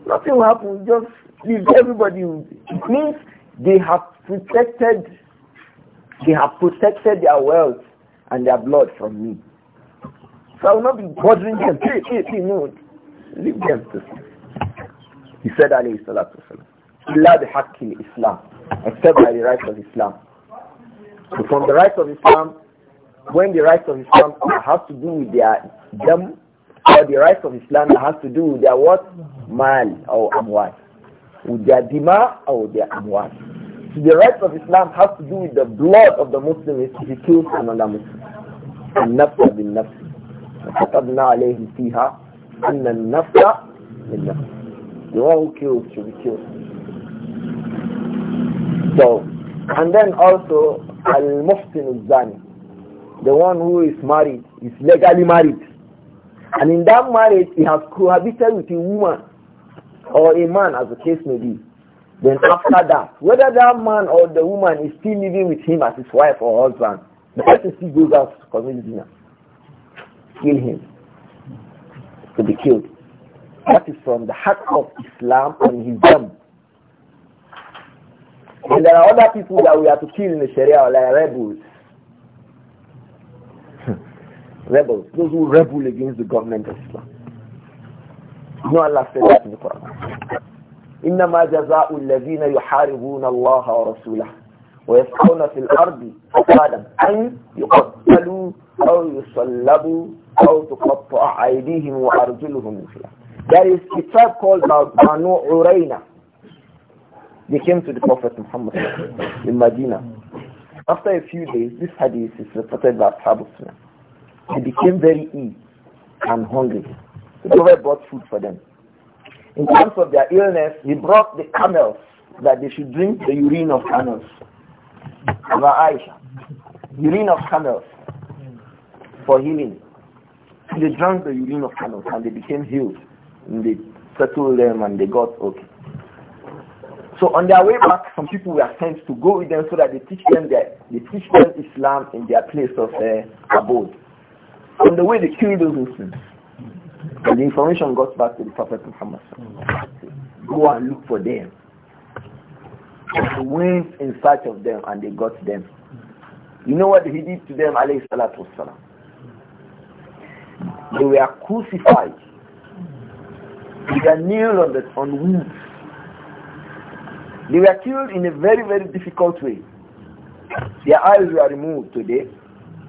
Nothing will happen. Just leave everybody. It means they have protected, they have protected their wealth and their blood from me. So I will not be bothering them. Hey, hey, hey, no. Leave them to sleep. He said, alayhi salatu wasalam, إِلَّا بِحَقِّ Islam, Except by the rights of Islam. So from the rights of Islam, when the rights of Islam has to do with their them, or the rights of Islam has to do with their what? Mal or amwal. With their dima or their amwal. So the rights of Islam has to do with the blood of the Muslim if he kills another Muslim. And nafs bin nafs. فكتبنا عليهم فيها أن النفس بالنفس The one who kills should So, and then also Al-Muhsin the one who is married, is legally married. And in that marriage, he has cohabited with a woman or a man as the case may be. Then after that, whether that man or the woman is still living with him as his wife or husband, the person still goes out to commit dinner kill him, to be killed. That is from the heart of Islam and his And there are other people that we have to kill in the Sharia, like rebels. rebels, those who rebel against the government of Islam. No Allah said that in the Quran. إنما جزاء الذين يحاربون الله ورسوله في الأرض أن يقتلوا أو يصلبوا أو تقطع أيديهم وأرجلهم There is a tribe called Banu Urayna. They came to the Prophet Muhammad in Medina. After a few days, this hadith is reported by Ashab Sunnah. They became very ill and hungry. The Prophet brought food for them. In terms of their illness, he brought the camels that they should drink the urine of camels about Aisha, urine of camels for healing. They drank the urine of camels and they became healed. And they settled them and they got okay. So on their way back, some people were sent to go with them so that they teach them their, they teach them Islam in their place of uh, abode. On the way they killed those Muslims. And the information got back to the Prophet Muhammad. Go and look for them and went in search of them and they got them. You know what he did to them, alayhi salatu wasalam? They were crucified. They were nailed on, the, on wounds. They were killed in a very, very difficult way. Their eyes were removed today.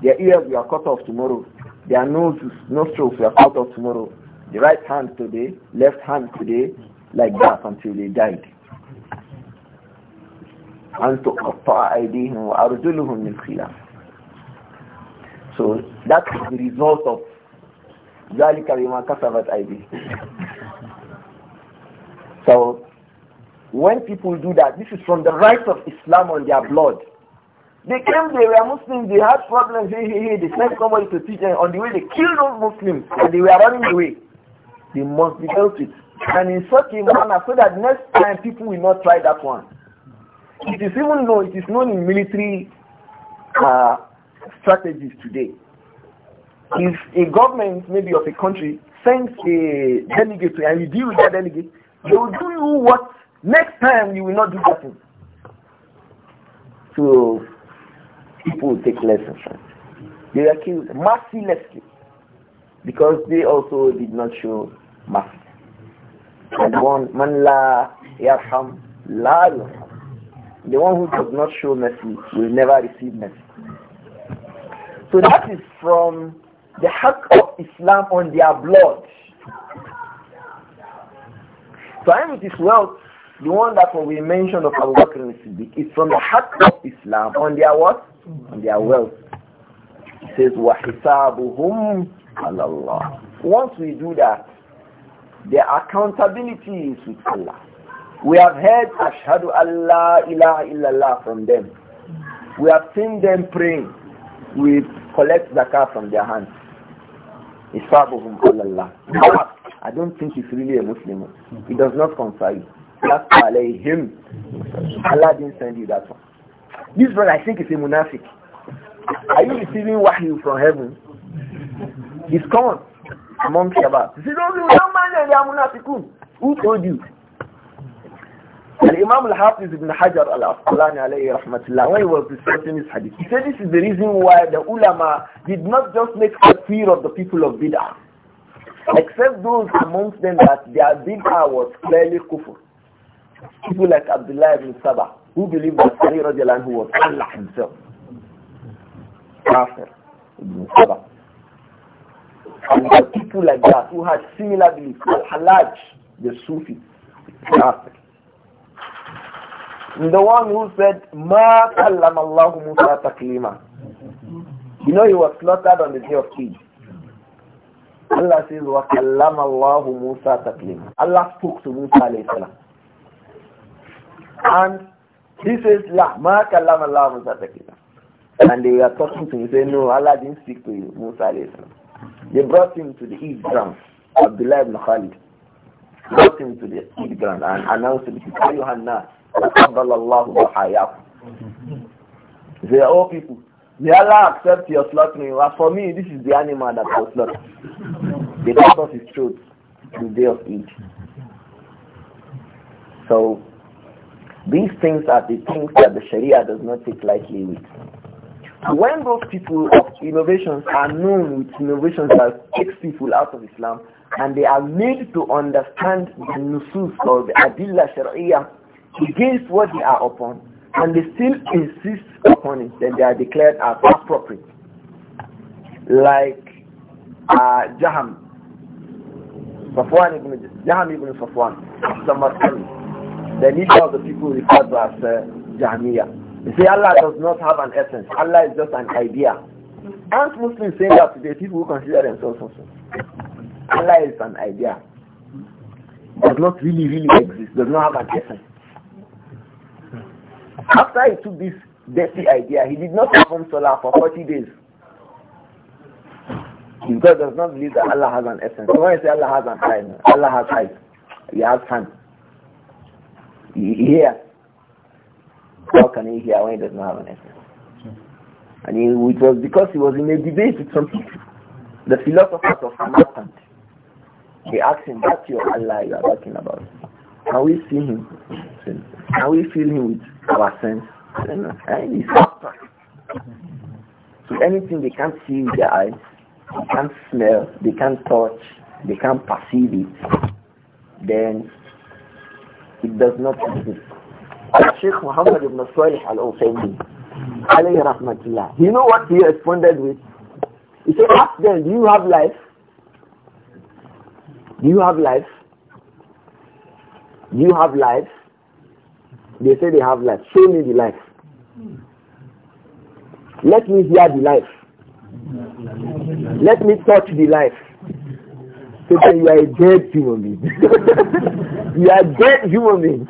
Their ears were cut off tomorrow. Their nose, nostrils were cut off tomorrow. The right hand today, left hand today, like that until they died and to أيديهم وأرجلهم من خلاف So that's the result of ذلك بما كسبت أيديهم So when people do that, this is from the rights of Islam on their blood. They came, they were Muslims, they had problems, hey, hey, hey, they sent somebody to teach them. On the way, they killed those Muslims and they were running away. They must be dealt with. And in such a manner so that next time people will not try that one. It is even known, it is known in military uh, strategies today. If a government, maybe of a country, sends a delegate to and you deal with that delegate, they will do you what next time you will not do that thing. So people will take lessons from it. They are killed mercilessly because they also did not show mercy. And one man la yarham la yarham. The one who does not show mercy will never receive mercy. So that is from the heart of Islam on their blood. So I with this wealth, the one that will be mentioned of Abu Bakr al-Siddiq is from the heart of Islam on their what? On their wealth. It says, وَحِسَابُهُمْ عَلَى اللَّهِ Once we do that, their accountability is with Allah. We have heard Ashhadu Allah ilaha illallah from them. We have seen them praying. We collect zakah from their hands. from Allah. I don't think he's really a Muslim. He does not confide. That's alayhim. Allah didn't send you that one. This one I think is a munafiq. Are you receiving wahyu from heaven? It's common among Shabbat. You they are munafiqun. Who told you? And Imam al-Hafiz ibn Hajar al-Asqalani alayhi rahmatullah, when he was discussing this hadith, he said this is the reason why the ulama did not just make a fear of the people of bid'ah, except those amongst them that their bid'ah was clearly kufr. People like Abdullah ibn Sabah, who believed that Ali radiallahu was Allah himself. Kafir ibn Sabah. And people like that who had similar beliefs, Al-Halaj, the Sufi, Kafir. The one who said, Ma kallam Allah Musa taklima. You know he was slaughtered on the day of Eid. Allah says, Wa kallam Allah Musa taklima. Allah spoke to Musa alayhi salam. And he says, La, ma kallam Allah Musa taklima. And they were talking to him, saying, No, Allah didn't speak to you, Musa They brought him to the Eid ground, Abdullah ibn Khalid. Brought him to the Eid ground and announced to the people, they are all people. May Allah accept your slaughtering. As for me, this is the animal that was slaughtered. They cut off his throat the day of Eid. So these things are the things that the Sharia does not take lightly with. When those people of innovations are known with innovations that takes people out of Islam and they are made to understand the nusus or the adilla sharia against what they are upon and they still insist upon it, then they are declared as appropriate. Like uh, Jaham, Safwan ibn Jaham ibn Safwan, Samarkand, the leader of the people referred to as uh, Jahmiya. They say Allah does not have an essence. Allah is just an idea. Aren't Muslims saying that today? People who consider themselves Muslims. Allah is an idea. Does not really, really exist. Does not have an essence. After he took this dirty idea, he did not perform Salah for 40 days. God does not believe that Allah has an essence. So when I say Allah has an eye, Allah has eyes. He has time. He hears. How can he hear when he does not have an essence? And he, it was because he was in a debate with some people. The philosophers of Samarkand. They asked him, that's your Allah you are talking about. Can we see him? Can we feel him with our sense. and don't So anything they can't see with their eyes, they can't smell, they can't touch, they can't perceive it, then it does not exist. Sheikh Muhammad ibn Salih al alayhi rahmatullah, you know what he responded with? He said, ask them, do you have life? Do you have life? Do you have life? They say they have life. Show me the life. Let me hear the life. Let me touch the life. So then you are a dead human being. you are a dead human being.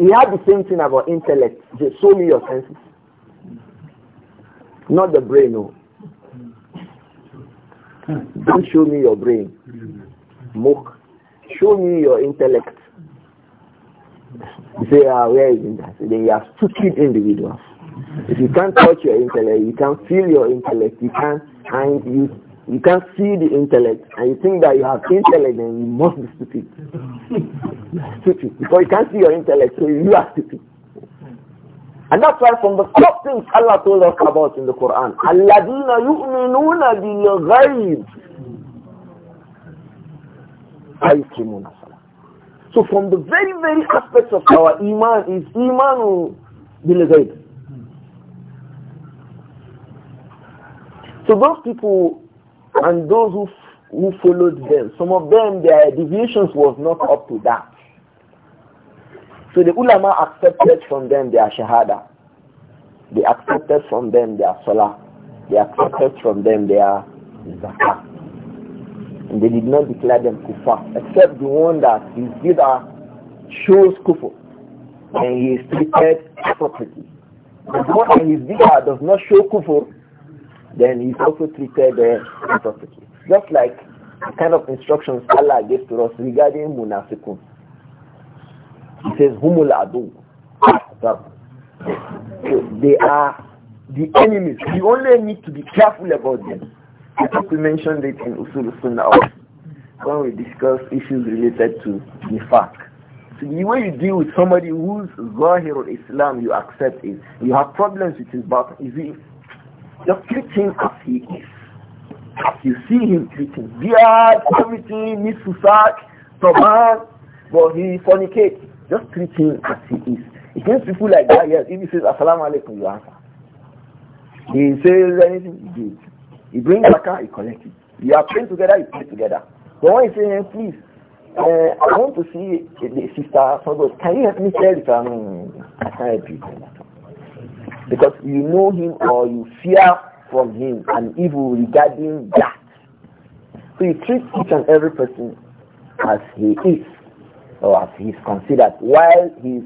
You have the same thing about intellect. Just show me your senses. Not the brain, no. Oh. Don't show me your brain. Mook. Show me your intellect. You say, ah, where is that? then you are stupid individuals. If you can't touch your intellect, you can't feel your intellect, you can't, and you, you can't see the intellect, and you think that you have intellect, then you must be stupid. stupid. Because you can't see your intellect, so you are stupid. And that's why from the top things Allah told us about in the Quran, الَّذِينَ yuminuna بِالْغَيْبِ أَيْكِمُونَ so from the very, very aspects of our iman is iman bil So those people and those who who followed them, some of them their deviations was not up to that. So the ulama accepted from them their shahada. They accepted from them their salah. They accepted from them their zakat. And they did not declare them kuffar, except the one that his bid'ah shows kufr, and he is treated appropriately. But the one that his bid'ah does not show kufr, then he is also treated uh, appropriately. Just like the kind of instructions Allah gave to us regarding munafiqun. He says, humul adu. So they are the enemies. You only need to be careful about them. I think we mentioned it in Usul Sunnah when we discuss issues related to nifaq. So the way you deal with somebody whose Zahir Islam you accept is, you have problems with his but is he, just treat him as he is. As you see him treating beard, everything, misusak, taban, but he fornicates. Just treat him as he is. Against people like that, yes, if he says, Assalamu alaikum, you answer. He says anything, you do he brings back he collects it. You are praying together, you pray together. So when you say, eh, please, uh, I want to see the sister, so those," can you help me sell it? Um, I can't help you. Because you know him or you fear from him an evil regarding that. So you treat each and every person as he is or as he is considered while his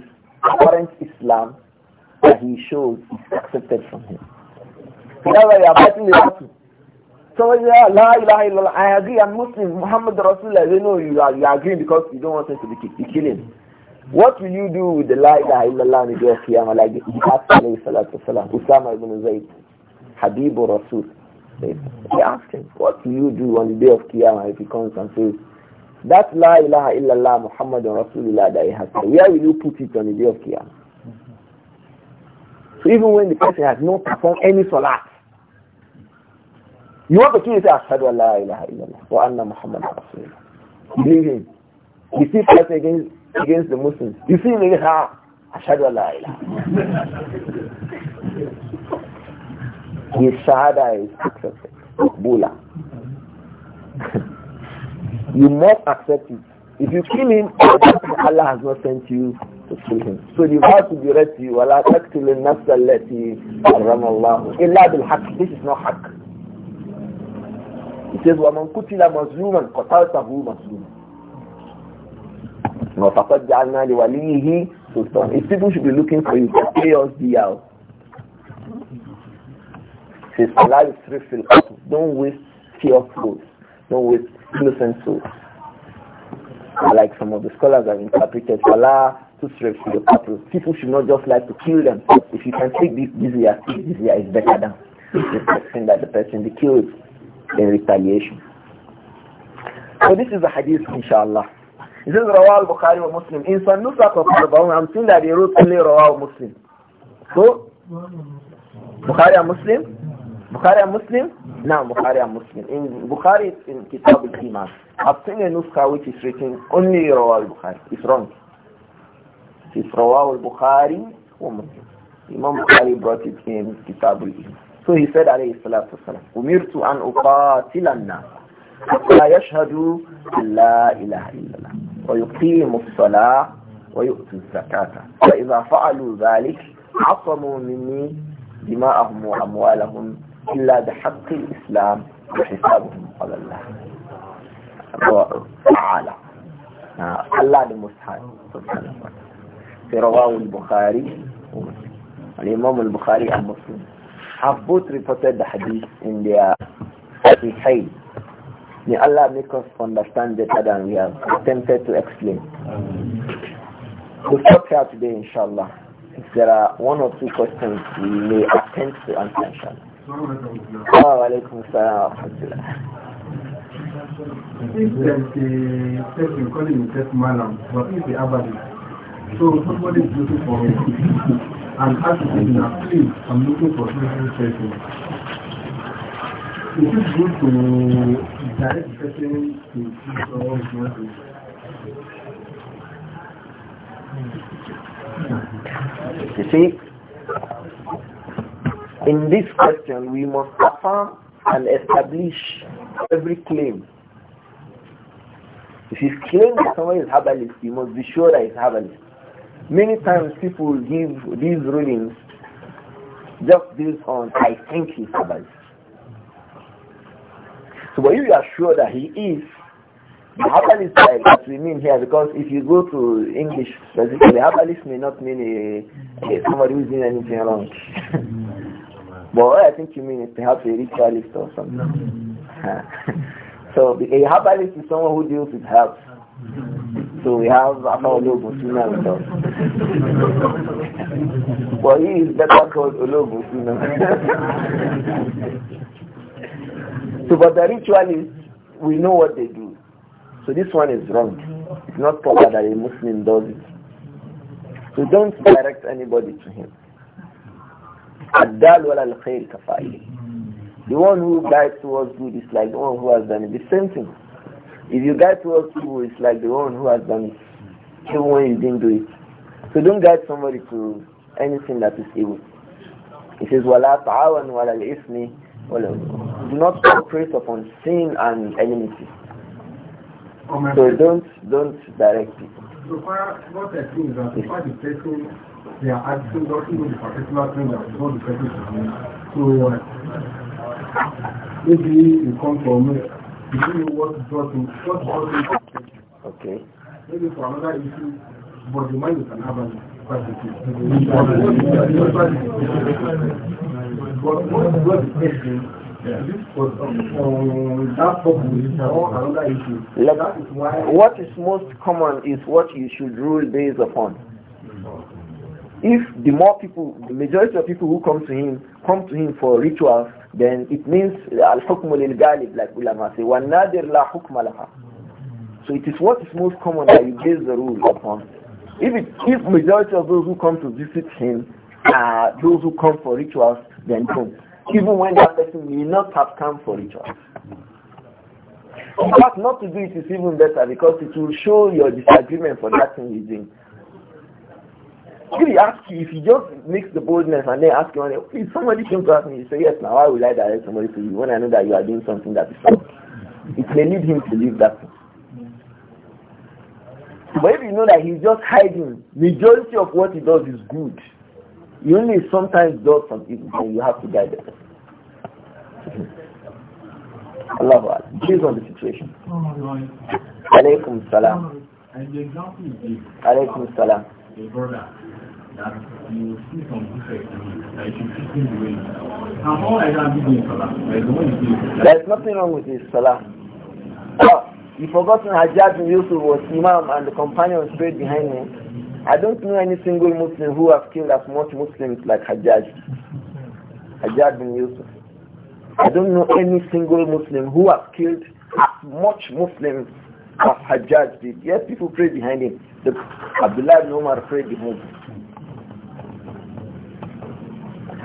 current Islam that he shows is accepted from him. So that's why you are fighting the battle. So yeah, la ilaha illallah. I agree. I'm Muslim. Muhammad Rasulullah. They know you are, you are agreeing because you don't want him to be killed. What will you do with the la ilaha illallah on the day of Qiyamah like Jihad alayhi salatu wasalam, Usama ibn Zayd, Habibu Rasul? He asked him, what will you do on the day of Qiyamah if he comes and says, that la ilaha illallah Muhammad Rasulullah that he has said, where will you put it on the day of Qiyamah? So even when the person has not performed any salat, you want to kill it, Ashadu Allah ilaha illallah wa anna Muhammad Rasulullah. Believe him. You see fight against, against the Muslims. You see him against, ah, Ashadu Allah illa. His shahada is accepted. Bula. you must accept it. If you kill him, Allah has not sent you to kill him. So the verse will be read to you, وَلَا تَقْتُلِ النَّفْسَ الَّتِي Allah: اللَّهُ إِلَّا بِالْحَقِّ This is not haqq. It says, وَمَنْ قُتِلَ مَظْلُومًا No, مَظْلُومًا وَفَقَدْ جَعَلْنَا لِوَلِيِّهِ سُلْطَانًا If people should be looking for you, they pay us the out. It says, Allah is refill Don't waste pure souls. Don't waste innocent souls. Like some of the scholars have interpreted, Allah to stretch of the purpose. People should not just like to kill themselves. If you can take this easier, easier is better than the person that the person they killed in retaliation. So this is the hadith, inshallah. This is Rawal Bukhari wa Muslim. In some nusakh I'm seeing that he wrote only Rawal Muslim. So, Bukhari and Muslim? Bukhari and Muslim? No, Bukhari and Muslim. In Bukhari, in Kitab al-Iman. I've seen a nuskha which is written only Rawal Bukhari. It's wrong. It's Rawal Bukhari wa Muslim. Imam Bukhari brought it in Kitab al-Iman. So he said, alayhi salatu wasalam, أُمِرْتُ أَنْ أُقَاتِلَ النَّاسَ حَتَّى يَشْهَدُوا أن لَا إِلَهَ إِلَّا اللَّهُ وَيُقِيمُوا الصَّلَاةَ وَيُؤْتُوا الزَّكَاةَ فَإِذَا فَعَلُوا ذَلِكَ عَصَمُوا مِنِّي دِمَاءَهُمْ وَأَمْوَالَهُمْ إِلَّا بِحَقِّ الْإِسْلَامِ وَحِسَابُهُمْ عَلَى اللَّهِ تعالى الله المستحيل سبحانه وتعالى في رواه البخاري ومسلم الإمام البخاري المسلم have both reported the hadith in their Sahih. May Allah make us understand better than we have attempted to explain. We'll stop here today, inshallah. If there are one or two questions, we may attempt to answer, inshallah. Wa alaikum so somebody is looking for i and asking him, please, I'm looking for something special. Is it good to direct person to see someone who wants You see, in this question, we must affirm and establish every claim. If you claim that someone is herbalist, you must be sure that he's herbalist. Many times people give these rulings just based on I think he's Abadi. So when you are sure that he is, the Habalis like that we mean here because if you go to English, basically Habalis may not mean a, eh, a eh, somebody who's doing anything wrong. but what I think you mean is perhaps a ritualist or something. so a Habalis is someone who deals with herbs. So we have our Olobosuna with Muslim. But he is better called Muslim. so but the ritualists, we know what they do. So this one is wrong. It's not proper that a Muslim does it. So don't direct anybody to him. Ad-dal wal The one who guides towards good is like the one who has done it. The same thing. If you guide towards evil, it's like the one who has done it, even when you didn't do it. So don't guide somebody to anything that is evil. It says, "Walat تَعَوَنْ وَلَا الْإِثْمِ Do not cooperate upon sin and enmity. Oh, so don't, don't direct people. So far, what I think is that if person, they are asking not even the particular thing that is not the person So, uh, maybe you come from uh, you what to draw what to draw to perspective. Okay. Maybe for another issue, but the mind can have an perspective. But what is what the question? What is most common is what you should rule based upon. If the more people, the majority of people who come to him, come to him for rituals, then it means al-hukm lil-ghalib like ulama say wa nadir la hukma laha so it is what is most common that you base the rule upon if it, if majority of those who come to visit him are those who come for rituals then don't even when that person may not have come for rituals in fact, not to do it is even better because it will show your disagreement for that thing you doing. If he ask you, if you just mix the boldness and then ask you, if somebody came to ask me, you say, yes, now why would I direct somebody to you when I know that you are doing something that is wrong? It may lead him to leave that But if you know that he's just hiding, majority of what he does is good. He only sometimes does some evil, then you have to guide it. that. based on the situation. Alaykum salam. Alaykum salam that you see some in it, that you keep him away. And all I can is Salah. There's nothing wrong with this Salah. Oh, you forgotten Hajjaj and Yusuf was Imam and the companion straight behind him. I don't know any single Muslim who have killed as much Muslims like Hajjaj. Hajjaj bin Yusuf. I don't know any single Muslim who has killed as much Muslims as Hajjaj did. Yes, people pray behind him. The Abdullah ibn Umar prayed the Muslim.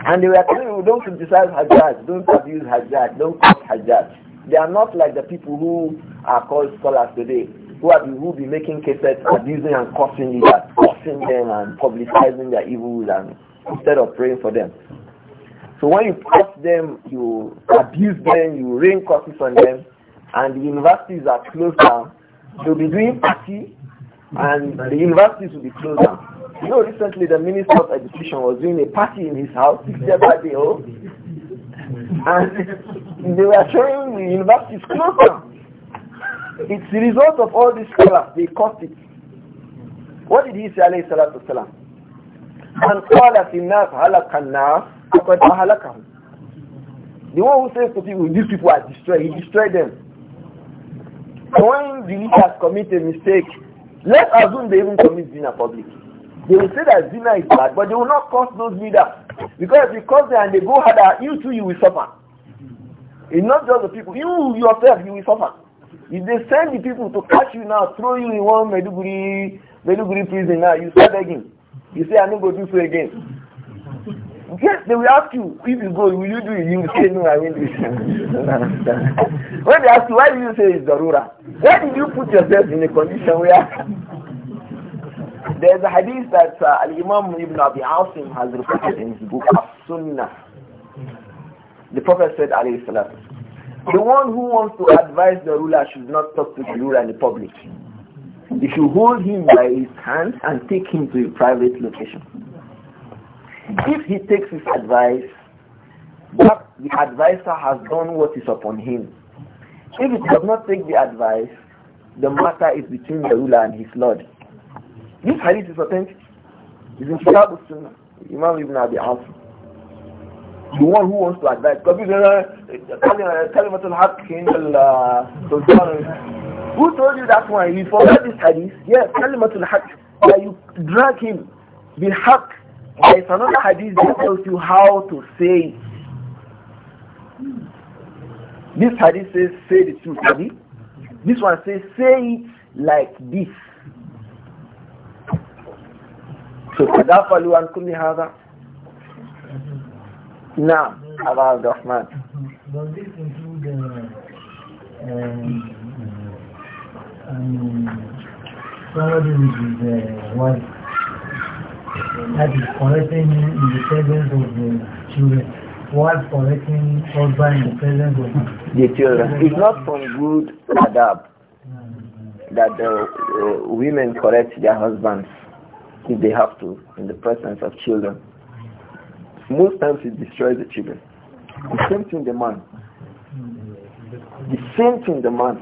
And they were telling you, don't criticize Hajjaj, don't abuse Hajjaj, don't quote Hajjaj. They are not like the people who are called scholars today, who are who be making cases abusing and cursing leaders, cursing them and publicizing their evils and instead of praying for them. So when you curse them, you abuse them, you rain curses on them, and the universities are closed down, they'll be doing party and the universities will be closed down. You know, recently the Minister of Education was doing a party in his house, six day old, and they were showing the universities closed down. It's the result of all this scholars. They caused it. What did he say, alayhi salatu wasalam? The one who says to people, these people are destroyed, he destroyed them. When the leaders commit a mistake, Let's assume they even commit zina publicly. They will say that zina is bad, but they will not cause those leaders. Because if you curse them and they go harder, you too, you will suffer. It's not just the people. You yourself, you will suffer. If they send the people to catch you now, throw you in one Meduguri, Meduguri prison now, you start again. You say, I'm not going to do so again. Yes, they will ask you, if you go, will you do it? You will say, no, I will do it. when they ask you, why did you say it's Darura? Why did you put yourself in a condition where... There's a hadith that uh, Al-Imam Ibn Abi Asim has reported in his book, As-Sunnah. The Prophet said, alayhi the one who wants to advise the ruler should not talk to the ruler in the public. You should hold him by his hand and take him to a private location. If he takes his advice, that the advisor has done what is upon him. If he does not take the advice, the matter is between the ruler and his lord. This hadith is authentic. It's in Kitab Sunnah, Imam Ibn Abi The one who wants to advise. Uh, uh, uh, who told you that one? You forgot this hadith? Yes, Kalimatul Haq. That you drag him, the Haq, there is another hadith that tells you how to say This hadith says, say the truth, hadith. This one says, say it like this. So, تدافلوا عن كل هذا نعم أبا عبد الرحمن Somebody with his uh, wife that is correcting in the presence of the children. While correcting husband in the presence of the children. It's not from good adab that the uh, women correct their husbands if they have to in the presence of children. Most times it destroys the children. The same thing the man. The same thing the man.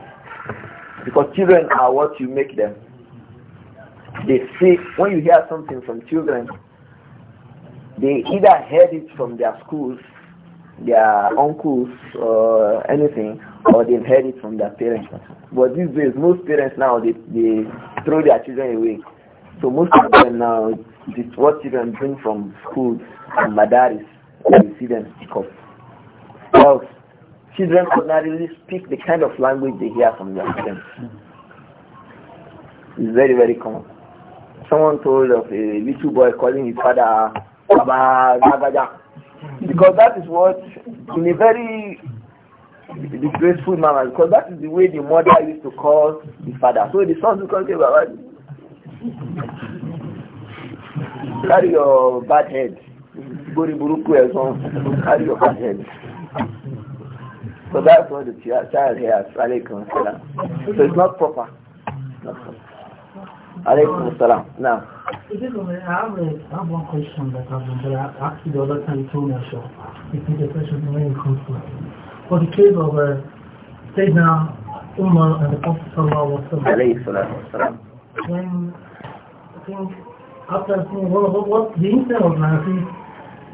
Because children are what you make them. They see, when you hear something from children, they either heard it from their schools, their uncles or anything, or they've heard it from their parents. But these days, most parents now, they, they throw their children away. So most of them now, it's what children bring from schools and madaris, you see them speak of. Else, children really speak the kind of language they hear from their parents. It's very, very common. someone told of a little boy calling his father Baba Nagaja. Because that is what, in a very disgraceful manner, because that is the way the mother used to call his father. So the son will call him Baba. Carry your bad head. Gori buruku ẹ̀sán. Carry your bad head. So that's what the child here is. So it's not proper. Not proper. Aleykum assalam. Now. I have one question that I've been asked the other time you told me I question when it For the case of uh, Sayyidina Umar and the Prophet Sallallahu Alaihi Wasallam. When I think after seeing what, what, what the intent of Nancy,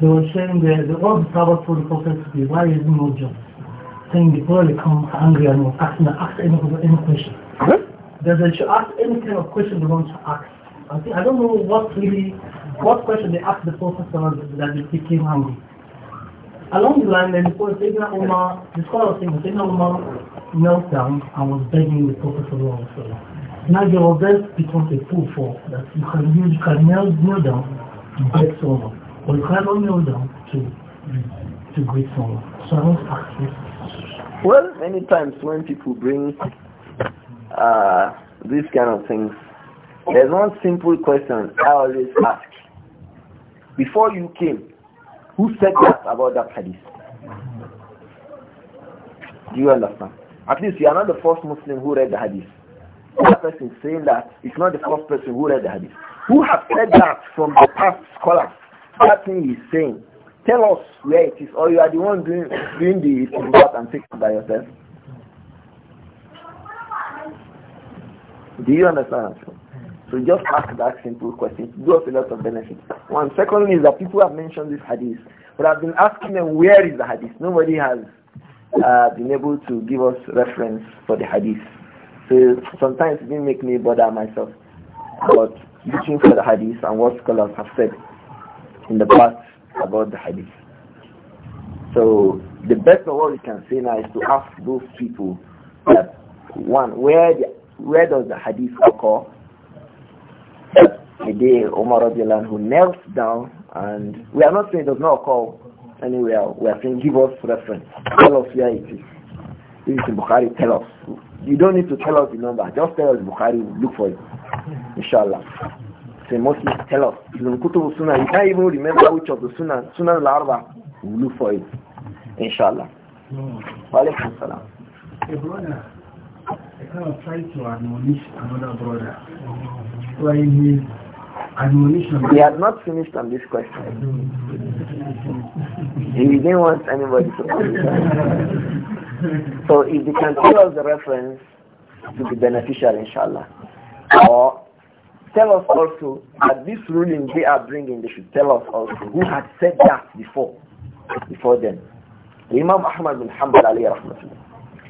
they were sharing the, the all the Sabbath for the Prophet to be, why is no job? Saying the Prophet comes angry and was asking, ask any, any question that they should ask any kind of question they want to ask. I, think, I don't know what really, what question they asked the Prophet that they became hungry. Along the line, then the Prophet Sayyidina Umar, the scholar saying Sayyidina Umar knelt down and was begging the Prophet Now there was then becomes a proof for that you can, you can kneel, kneel down to beg someone, or you cannot kneel down to, to greet someone. So I want to ask you. Well, many times when people bring uh, these kind of things. There's one simple question I always ask. Before you came, who said that about that hadith? Do you understand? At least you are not the first Muslim who read the hadith. That person saying that is not the first person who read the hadith. Who have said that from the past scholars? That thing is saying. Tell us where it is, or you are the one doing, doing the bath and taking by yourself. Do you understand? So just ask that simple question. It gives a lot of benefit. Secondly, is that people have mentioned this hadith, but I've been asking them where is the hadith. Nobody has uh, been able to give us reference for the hadith. So sometimes it didn't make me bother myself about looking for the hadith and what scholars have said in the past about the hadith. So the best of all we can say now is to ask those people that one, where the where does the hadith occur? The day Umar who knelt down and we are not saying it does not occur anywhere. We are saying give us reference. Tell us where it is. This is Bukhari, tell us. You don't need to tell us the number. Just tell us Bukhari, look for it. Inshallah. Say Muslim, tell us. Sunnah. You can't even remember which of the Sunnah. Sunnah al Look for it. Inshallah. Wa alaikum salam. I kind of tried to admonish another brother. So admonition... He had not finished on this question. he didn't want anybody to so if you can tell us the reference, to be beneficial, inshallah. Or tell us also that this ruling they are bringing, they should tell us also who had said that before, before them. Imam Ahmad bin Hanbal rahmatullah.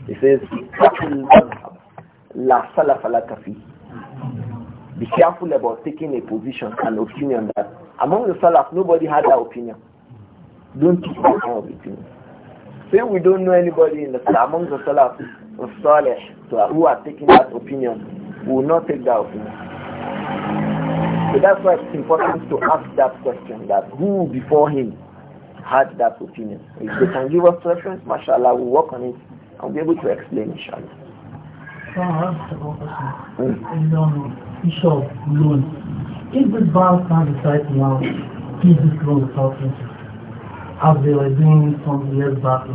He says, La falakafi. Be careful about taking a position, an opinion that among the salaf, nobody had that opinion. Don't take that kind of opinion. Say we don't know anybody in the salaf, among the salaf, of salih, who are taking that opinion, we will not take that opinion. So that's why it's important to ask that question that who before him had that opinion. If they can give us reference, mashallah, we'll work on it I'll be able to explain inshallah. Mm. Issue of loan. If the bank now decides now give this loan without interest, as they were doing some years back in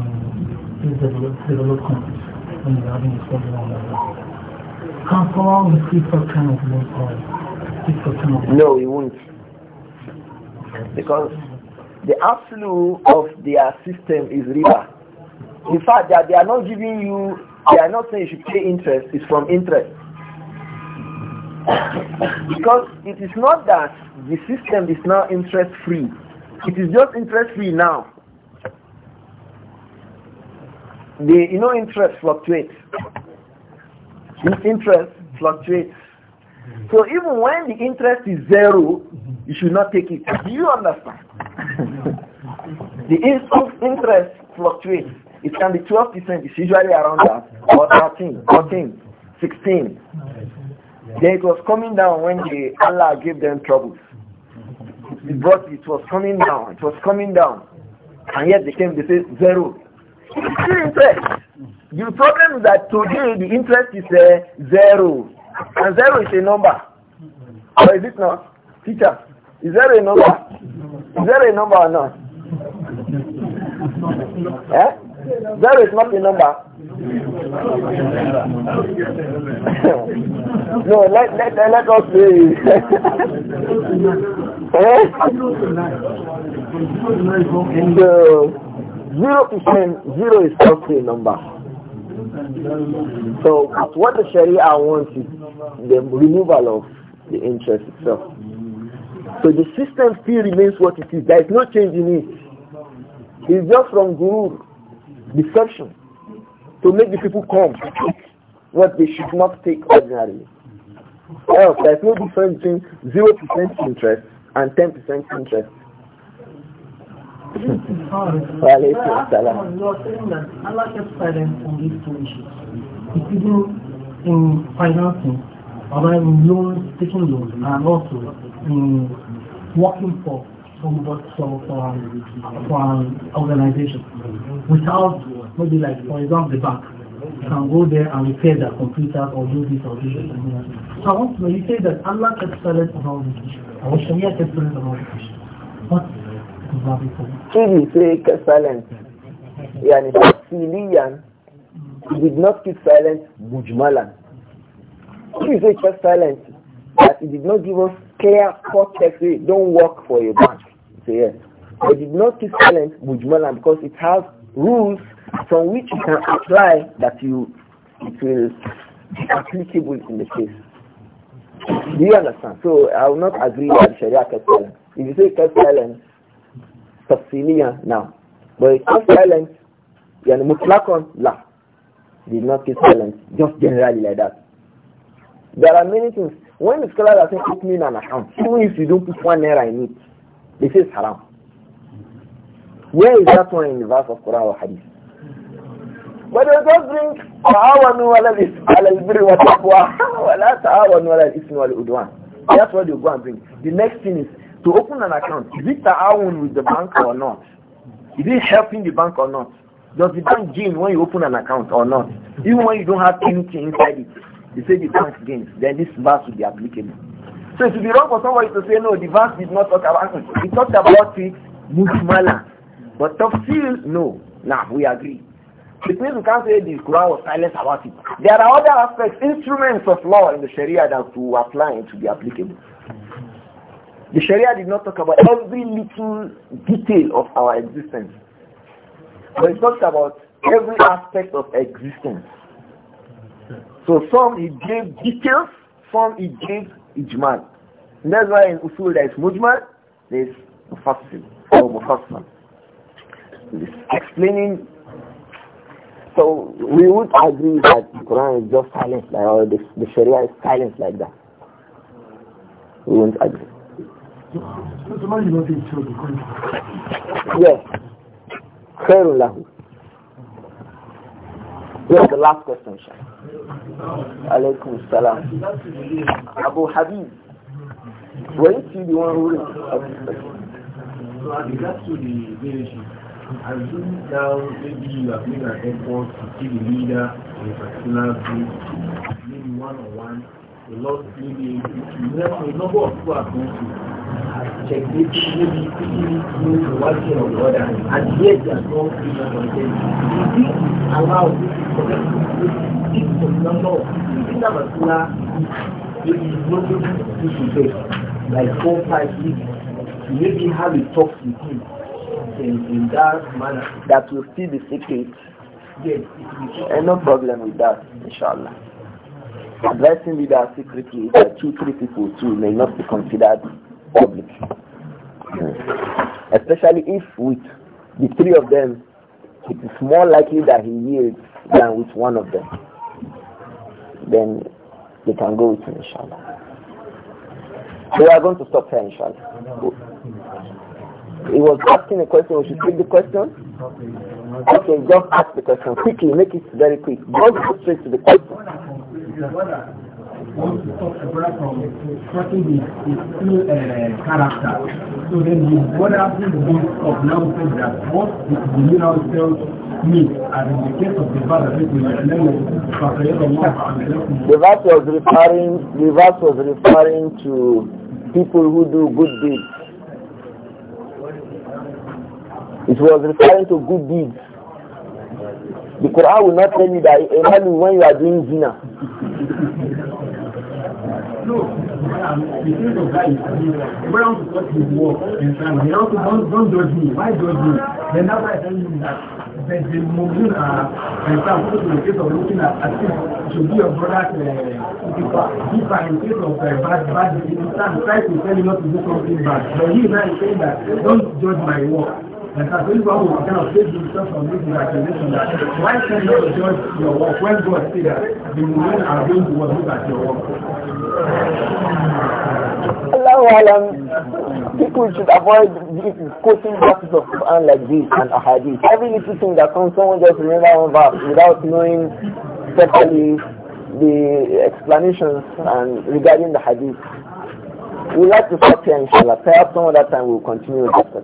these development, countries when they were having this problem like that, can someone receive some kind of loan or some kind of No, he won't. Because the absolute of their system is river. In fact, that they are not giving you, they are not saying you should pay interest, Is from interest. because it is not that the system is now interest free. It is just interest free now. The you know interest fluctuates. Interest fluctuates. So even when the interest is zero, you should not take it. Do you understand? the interest fluctuates. It can be 12%, it's usually around that, or 13, 14, 16. Then it was coming down when the Allah gave them troubles. It brought, it was coming down, it was coming down. And yet they came, they say zero. still interest. The problem is that today the interest is uh, zero. And zero is a number. Or is it not? Teacher, is zero a number? Is zero a number or not? Yeah. Zero is not a number. no, let, let, let us be. Eh? So, zero is zero is not a number. So, what the Sharia wants is the removal of the interest itself. So the system still remains what it is. There is no change in it. It's just from guru deception to make the people come take what they should not take ordinarily. Else, there's no difference between percent interest and ten percent interest. Walaikum salam. You are saying that Allah kept silent on these two issues. Including in financing, or in loans, taking loans, and also in working for from what for our um, organization without maybe like for example the bank you can go there and repair their computer or do this or this. So I want to you say that Allah kept silent about this issue. Or Sharia kept silent about this issue. But that He say silent. Yani he did not keep silent Mujmalan. He say kept silent that he did not give us clear cut text. Don't work for your bank. So yes. They did not keep silent Mujmalan because it has rules from which you can apply that you it will be applicable in the case. Do you understand? So I will not agree that Sharia kept silent. If you say kept silent, tafsiliya now. But it kept silent, yani mutlakon la. Did not keep silent, just generally like that. There are many things. When the scholar doesn't put me in an account, even if you don't put one error in it, this is haram. Where is that one in the verse of Quran or Hadith? But they just bring تعاونوا على البر والتقوى ولا تعاونوا على الإثم That's what you go and bring. The next thing is to open an account. Is it ta'awun with the bank or not? Is it helping the bank or not? Does the bank gain when you open an account or not? Even when you don't have anything inside it, they say the bank gains. Then this verse will be applicable. So it would be wrong for somebody to say, no, the verse did not talk about it. It talked about it, mujmala. But tafsir, no. Nah, we agree. It means we can't say the Quran was silent about it. There are other aspects, instruments of law in the Sharia that to apply to be applicable. The Sharia did not talk about every little detail of our existence. But it talks about every aspect of existence. So some it gave details, some it gave ijmal that's why in usul there is mujmal, there is mufassil or This explaining. So we would agree that the Quran is just silent, like, or the, the Sharia is silent like that. We would not agree. Yes. خير له. Here's the last question, Shaykh. Alaykum Abu Habib. wọ́n ti di wọn rúrì. So as regards to the leadership, I assume now maybe you have made an effort to see the leader in a particular group, maybe one on one, a lot maybe a number of people have gone to check maybe maybe picking through one thing or the other and yet they are not free of content. If this is allowed, this is correct, this is the number of this particular maybe nobody to face. like four, five weeks, maybe have a talk with him in, in that manner. That will still be secret. Yes. And eh, no problem with that, inshallah. Addressing leaders secretly that two, three people too may not be considered public. Mm. Especially if with the three of them, it is more likely that he yields than with one of them. Then they can go with him, inshallah. We are going to stop here, inshallah. He was asking a question. We should take the question. Okay, just ask the question quickly. Make it very quick. Go straight to the question wants to stop a brother from trusting his, his true uh, character. So then you brought up this book of now says that what the mineral cells need, and in the case of the verse the verse was referring, the verse was referring to people who do good deeds. It was referring to good deeds. The Quran will not tell you that imagine when you are doing zina. No, the spirit of God is around to what you walk and also don't, don't judge me. Why judge me? Then that's tell you that the, the moving uh, and looking at, at it should be your brother's uh, bad, bad, he tries to tell you not to do something bad. But he is saying that don't judge my work. And as Abraham we kind of saved himself from this imagination that why can not judge your work when God said that the women are going to look at your work. Allahu people should avoid quoting verses of Quran like this and Ahadith. Every little thing that comes, someone just remember one verse without knowing properly the explanations and regarding the Hadith. We like to stop here, inshallah. Perhaps some other time we'll continue with this.